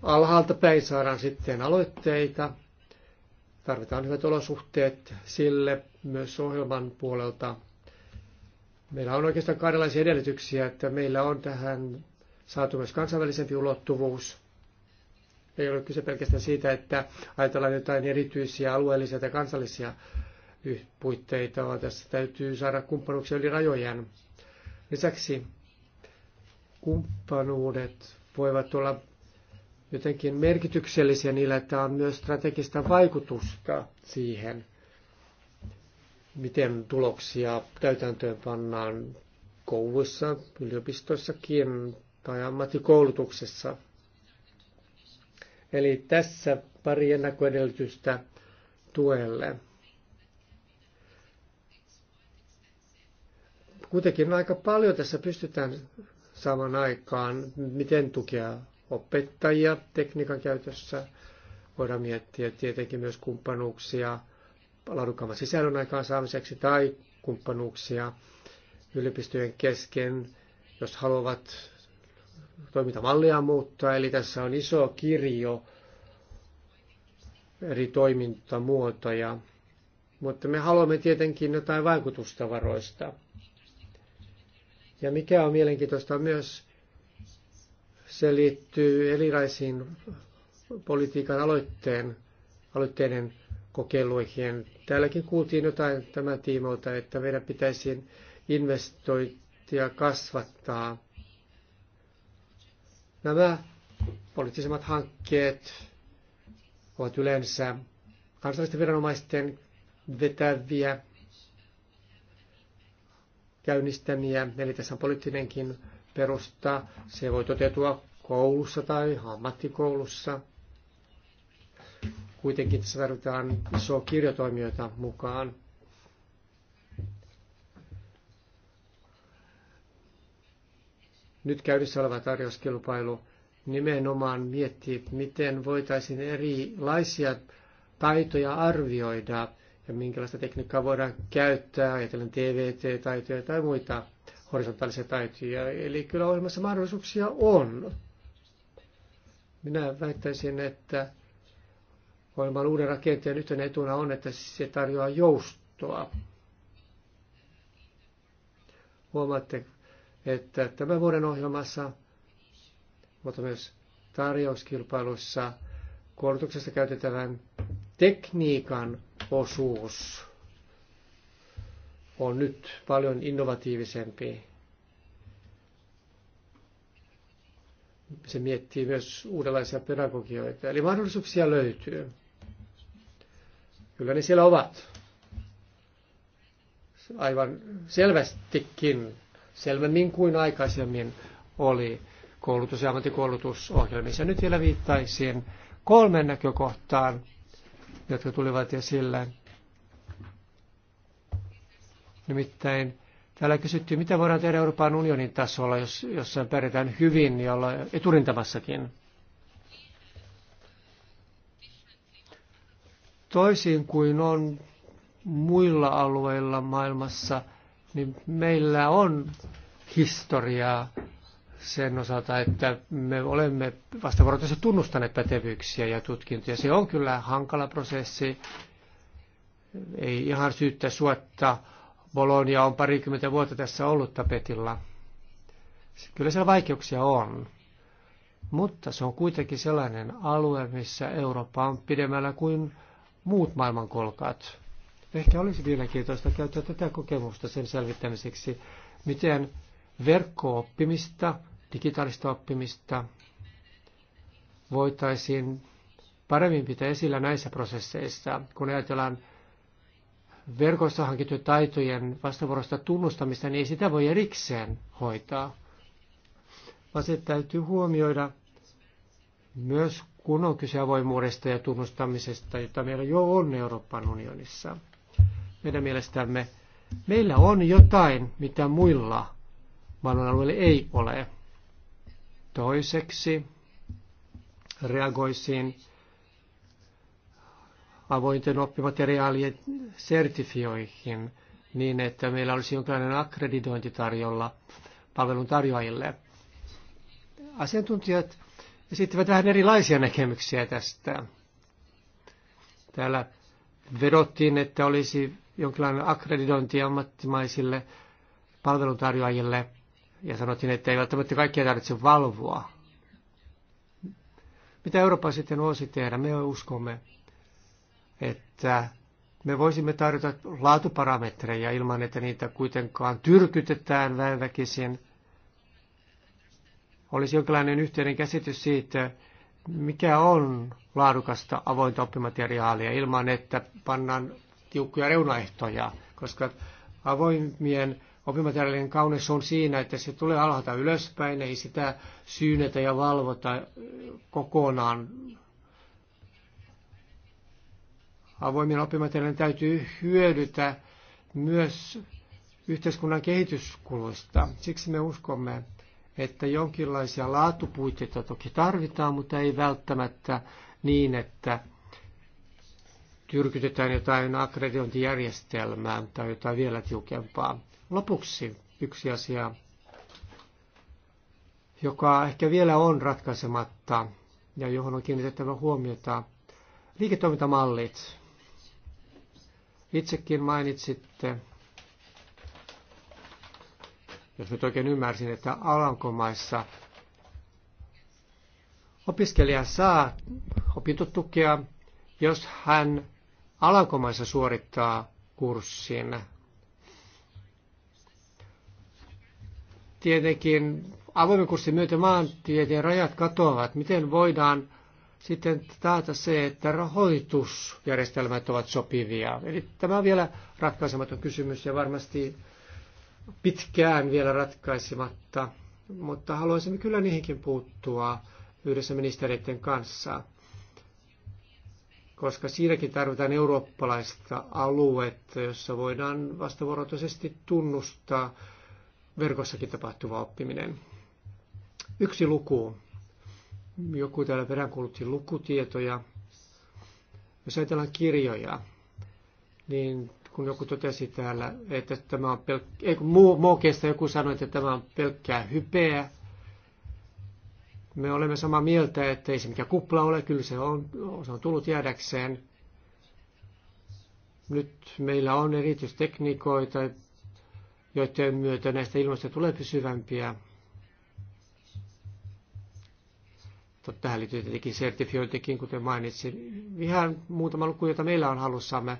alhaalta päin saadaan sitten aloitteita. Tarvitaan hyvät olosuhteet sille myös ohjelman puolelta. Meillä on oikeastaan kahdenlaisia edellytyksiä, että meillä on tähän saatu myös kansainvälisempi ulottuvuus. Ei ole kyse pelkästään siitä, että ajatellaan jotain erityisiä alueellisia tai kansallisia puitteita, vaan tässä täytyy saada kumppanuuksia yli rajojen. Lisäksi kumppanuudet voivat olla jotenkin merkityksellisiä niillä, että on myös strategista vaikutusta siihen, miten tuloksia täytäntöön pannaan kouluissa, yliopistoissakin, tai ammattikoulutuksessa. Eli tässä pari ennakkoedellytystä tuelle. Kuitenkin aika paljon tässä pystytään saman aikaan, miten tukea opettajia tekniikan käytössä. Voidaan miettiä tietenkin myös kumppanuuksia laadukkaamman sisällön aikaansaamiseksi tai kumppanuuksia yliopistojen kesken, jos haluavat toimintamallia muuttaa, eli tässä on iso kirjo eri toimintamuotoja. Mutta me haluamme tietenkin jotain vaikutustavaroista Ja mikä on mielenkiintoista myös, se liittyy erilaisiin politiikan aloitteen, aloitteiden kokeiluihin. Täälläkin kuultiin jotain tämän tiimoilta, että meidän pitäisi investointia kasvattaa Nämä poliittisemmat hankkeet ovat yleensä kansallisten viranomaisten vetäviä, käynnistämiä, eli tässä on poliittinenkin perusta. Se voi toteutua koulussa tai ammattikoulussa. Kuitenkin tässä tarvitaan isoa kirjatoimijoita mukaan. nyt käynnissä oleva tarjouskilpailu nimenomaan miettii, miten voitaisiin erilaisia taitoja arvioida ja minkälaista tekniikkaa voidaan käyttää, ajatellen TVT-taitoja tai muita horisontaalisia taitoja. Eli kyllä ohjelmassa mahdollisuuksia on. Minä väittäisin, että ohjelman uuden rakenteen yhtenä etuna on, että se tarjoaa joustoa. Huomaatte että tämän vuoden ohjelmassa, mutta myös tarjouskilpailussa koulutuksessa käytettävän tekniikan osuus on nyt paljon innovatiivisempi. Se miettii myös uudenlaisia pedagogioita, eli mahdollisuuksia löytyy. Kyllä ne siellä ovat. Aivan selvästikin selvemmin kuin aikaisemmin oli koulutus- ja ammattikoulutusohjelmissa. Nyt vielä viittaisin kolmen näkökohtaan, jotka tulivat esille. Nimittäin täällä kysyttiin, mitä voidaan tehdä Euroopan unionin tasolla, jos, jossa pärjätään hyvin ja ollaan eturintamassakin. Toisin kuin on muilla alueilla maailmassa – niin meillä on historiaa sen osalta, että me olemme vastavuoroisesti tunnustaneet pätevyyksiä ja tutkintoja. Se on kyllä hankala prosessi. Ei ihan syyttä suotta. Bologna on parikymmentä vuotta tässä ollut tapetilla. Kyllä siellä vaikeuksia on. Mutta se on kuitenkin sellainen alue, missä Eurooppa on pidemmällä kuin muut maailmankolkat. Ehkä olisi mielenkiintoista käyttää tätä kokemusta sen selvittämiseksi, miten verkko-oppimista, digitaalista oppimista voitaisiin paremmin pitää esillä näissä prosesseissa, kun ajatellaan verkossa hankittujen taitojen vastavuorosta tunnustamista, niin ei sitä voi erikseen hoitaa, vaan se täytyy huomioida myös kun on kyse avoimuudesta ja tunnustamisesta, jota meillä jo on Euroopan unionissa meidän mielestämme meillä on jotain, mitä muilla maailmanalueilla ei ole. Toiseksi reagoisin avointen oppimateriaalien sertifioihin niin, että meillä olisi jonkinlainen akkreditointi tarjolla palvelun tarjoajille. Asiantuntijat esittivät vähän erilaisia näkemyksiä tästä. Täällä vedottiin, että olisi jonkinlainen akkreditointi ammattimaisille palveluntarjoajille ja sanottiin, että ei välttämättä kaikkia tarvitse valvoa. Mitä Eurooppa sitten voisi tehdä? Me uskomme, että me voisimme tarjota laatuparametreja ilman, että niitä kuitenkaan tyrkytetään väenväkisin. Olisi jonkinlainen yhteinen käsitys siitä, mikä on laadukasta avointa oppimateriaalia ilman, että pannaan tiukkoja reunaehtoja, koska avoimien opimateriaalien kauneus on siinä, että se tulee alhaalta ylöspäin, ei sitä syynetä ja valvota kokonaan. Avoimien oppimateriaalien täytyy hyödytä myös yhteiskunnan kehityskuluista. Siksi me uskomme, että jonkinlaisia laatupuitteita toki tarvitaan, mutta ei välttämättä niin, että tyrkytetään jotain akkreditointijärjestelmää tai jotain vielä tiukempaa. Lopuksi yksi asia, joka ehkä vielä on ratkaisematta ja johon on kiinnitettävä huomiota, liiketoimintamallit. Itsekin mainitsitte, jos nyt oikein ymmärsin, että Alankomaissa opiskelija saa opintotukea, jos hän Alankomaissa suorittaa kurssin. Tietenkin avoimen kurssin myötä maantieteen rajat katoavat. Miten voidaan sitten taata se, että rahoitusjärjestelmät ovat sopivia. Eli tämä on vielä ratkaisematon kysymys ja varmasti pitkään vielä ratkaisematta, mutta haluaisimme kyllä niihinkin puuttua yhdessä ministeriöiden kanssa koska siinäkin tarvitaan eurooppalaista aluetta, jossa voidaan vastavuoroisesti tunnustaa verkossakin tapahtuva oppiminen. Yksi luku. Joku täällä peräänkuulutti lukutietoja. Jos ajatellaan kirjoja, niin kun joku totesi täällä, että tämä on pelk- ei kun muu, muu kestä, joku sanoi, että tämä on pelkkää hypeä, me olemme samaa mieltä, että ei se mikä kupla ole, kyllä se on, se on tullut jäädäkseen. Nyt meillä on erityistekniikoita, joiden myötä näistä ilmoista tulee pysyvämpiä. Tähän liittyy tietenkin sertifiointikin, kuten mainitsin. Ihan muutama luku, jota meillä on halussamme.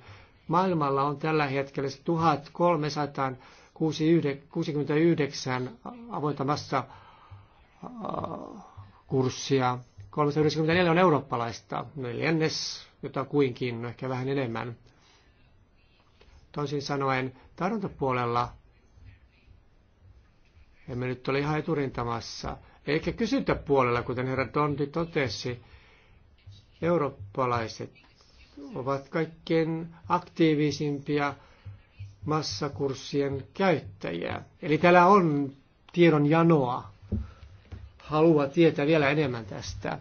Maailmalla on tällä hetkellä 1369 avointa massa kurssia. 394 on eurooppalaista, neljännes jota kuinkin, ehkä vähän enemmän. Toisin sanoen, tarjontapuolella emme nyt ole ihan eturintamassa, eikä kysyntäpuolella, kuten herra Dondi totesi, eurooppalaiset ovat kaikkein aktiivisimpia massakurssien käyttäjiä. Eli täällä on tiedon janoa halua tietää vielä enemmän tästä.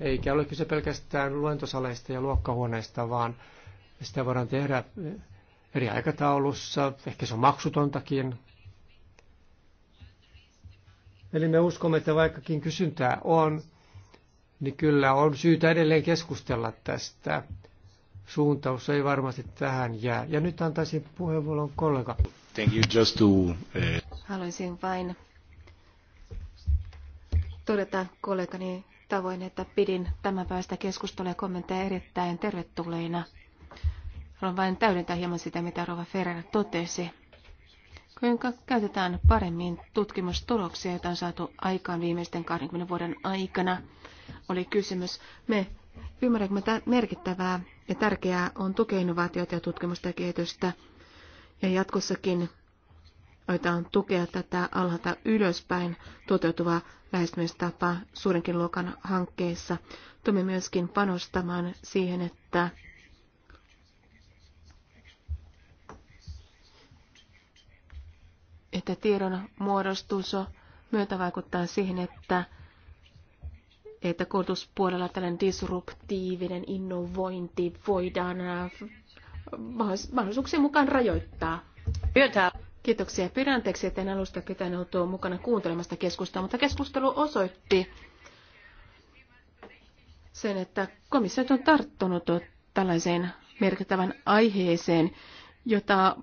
Eikä ole kyse pelkästään luentosaleista ja luokkahuoneista, vaan sitä voidaan tehdä eri aikataulussa, ehkä se on maksutontakin. Eli me uskomme, että vaikkakin kysyntää on, niin kyllä on syytä edelleen keskustella tästä. Suuntaus ei varmasti tähän jää. Ja nyt antaisin puheenvuoron kollega. Thank you just to, eh, Haluaisin vain todeta kollegani tavoin, että pidin tämän päivästä keskustelua ja kommentteja erittäin tervetulleina. Haluan vain täydentää hieman sitä, mitä Rova Ferrer totesi. Kuinka käytetään paremmin tutkimustuloksia, joita on saatu aikaan viimeisten 20 vuoden aikana, oli kysymys. Me ymmärrämme, että merkittävää ja tärkeää on tukea innovaatioita ja tutkimusta ja kehitystä. Ja jatkossakin oitetaan tukea tätä alhaalta ylöspäin toteutuvaa lähestymistapa suurenkin luokan hankkeissa. Tumme myöskin panostamaan siihen, että että tiedon muodostus myötä vaikuttaa siihen, että, että koulutuspuolella tällainen disruptiivinen innovointi voidaan äh, mahdollisuuksien mukaan rajoittaa. Myötä. Kiitoksia. Pyydän anteeksi, että en alusta ketään ollut mukana kuuntelemasta keskustelua, mutta keskustelu osoitti sen, että komissio on tarttunut tällaiseen merkittävän aiheeseen, jota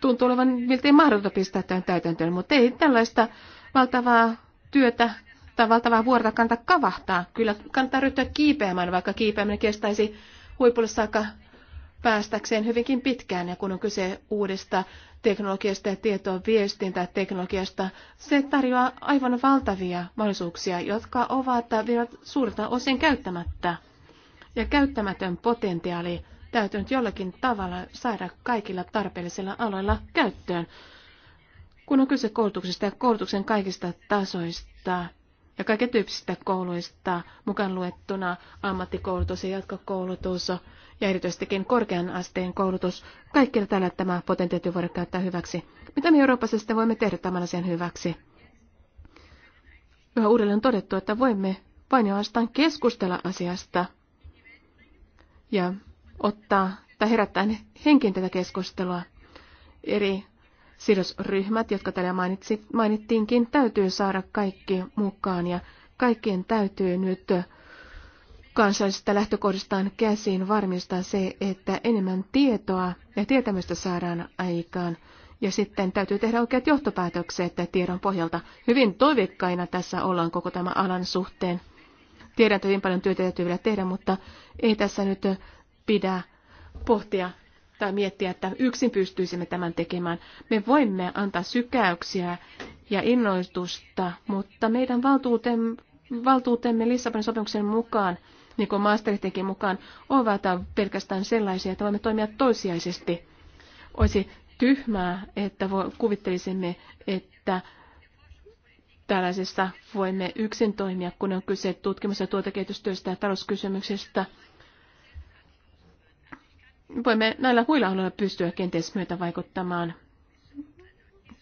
tuntuu olevan miltei mahdotonta pistää tämän täytäntöön, mutta ei tällaista valtavaa työtä tai valtavaa vuorta kannata kavahtaa. Kyllä kannattaa ryhtyä kiipeämään, vaikka kiipeäminen kestäisi huipulle saakka päästäkseen hyvinkin pitkään. Ja kun on kyse uudesta teknologiasta ja tietoa viestintäteknologiasta, se tarjoaa aivan valtavia mahdollisuuksia, jotka ovat vielä suurta osin käyttämättä. Ja käyttämätön potentiaali täytyy nyt jollakin tavalla saada kaikilla tarpeellisilla aloilla käyttöön. Kun on kyse koulutuksesta ja koulutuksen kaikista tasoista ja kaiken tyyppisistä kouluista, mukaan luettuna ammattikoulutus ja jatkokoulutus, ja erityisestikin korkean asteen koulutus. kaikille tällä tämä potentiaali voidaan käyttää hyväksi. Mitä me Euroopassa sitten voimme tehdä tämän asian hyväksi? Yhä uudelleen on todettu, että voimme vain ja keskustella asiasta ja ottaa tai herättää henkin tätä keskustelua. Eri sidosryhmät, jotka täällä mainittiinkin, täytyy saada kaikki mukaan ja kaikkien täytyy nyt kansallisista lähtökohdistaan käsiin varmistaa se, että enemmän tietoa ja tietämystä saadaan aikaan. Ja sitten täytyy tehdä oikeat johtopäätökset tiedon pohjalta. Hyvin toivekkaina tässä ollaan koko tämän alan suhteen. Tiedän, että hyvin paljon työtä täytyy vielä tehdä, mutta ei tässä nyt pidä pohtia tai miettiä, että yksin pystyisimme tämän tekemään. Me voimme antaa sykäyksiä ja innoitusta, mutta meidän valtuutemme, valtuutemme Lissabonin sopimuksen mukaan – niin kuin Maastrichtinkin mukaan, ovat pelkästään sellaisia, että voimme toimia toisiaisesti. Olisi tyhmää, että kuvittelisimme, että tällaisessa voimme yksin toimia, kun on kyse tutkimus- ja tuotekehitystyöstä ja talouskysymyksestä. Voimme näillä muilla alueilla pystyä kenties myötä vaikuttamaan.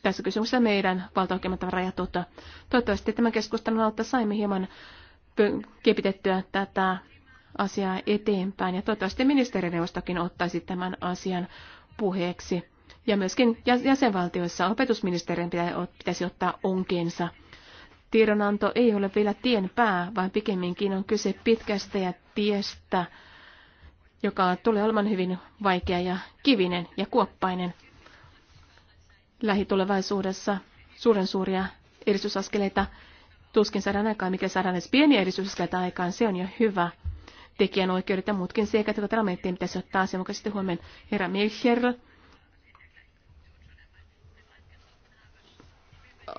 Tässä kysymyksessä meidän valtaoikeumat rajat Toivottavasti tämän keskustelun alta saimme hieman kepitettyä tätä asiaa eteenpäin. Ja toivottavasti ministerineuvostokin ottaisi tämän asian puheeksi. Ja myöskin jäsenvaltioissa opetusministerin pitäisi ottaa onkeensa. Tiedonanto ei ole vielä tien pää, vaan pikemminkin on kyse pitkästä ja tiestä, joka tulee olemaan hyvin vaikea ja kivinen ja kuoppainen. Lähitulevaisuudessa suuren suuria edistysaskeleita tuskin saadaan aikaan, mikä saadaan edes pieni edistys aikaan, se on jo hyvä. Tekijänoikeudet ja muutkin seikat, jotka parlamenttiin pitäisi ottaa asianmukaisesti huomioon. Herra Milcher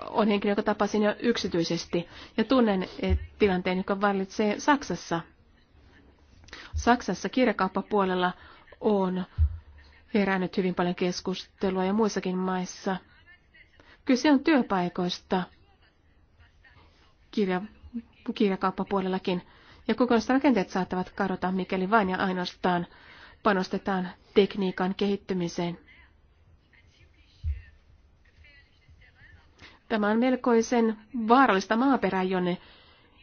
on henkilö, joka tapasin jo yksityisesti ja tunnen eh, tilanteen, joka vallitsee Saksassa. Saksassa kirjakauppapuolella on herännyt hyvin paljon keskustelua ja muissakin maissa. Kyse on työpaikoista – kirja, kirjakauppapuolellakin. Ja rakenteet saattavat kadota, mikäli vain ja ainoastaan panostetaan tekniikan kehittymiseen. Tämä on melkoisen vaarallista maaperää, jonne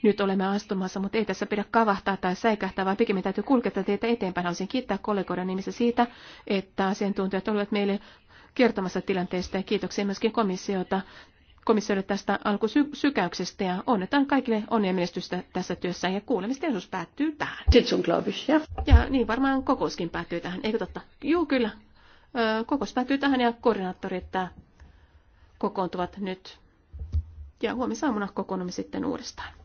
nyt olemme astumassa, mutta ei tässä pidä kavahtaa tai säikähtää, vaan pikemmin täytyy kulkea teitä eteenpäin. Haluaisin kiittää kollegoiden nimissä siitä, että asiantuntijat olivat meille kertomassa tilanteesta ja kiitoksia myöskin komissiota komissiolle tästä alkusykäyksestä ja onnetaan kaikille onnea menestystä tässä työssä ja kuulemistilaisuus päättyy tähän. Ja niin varmaan kokouskin päättyy tähän, eikö totta? Juu, kyllä. Kokous päättyy tähän ja koordinaattorit äh, kokoontuvat nyt. Ja huomisaamuna kokoonnumme sitten uudestaan.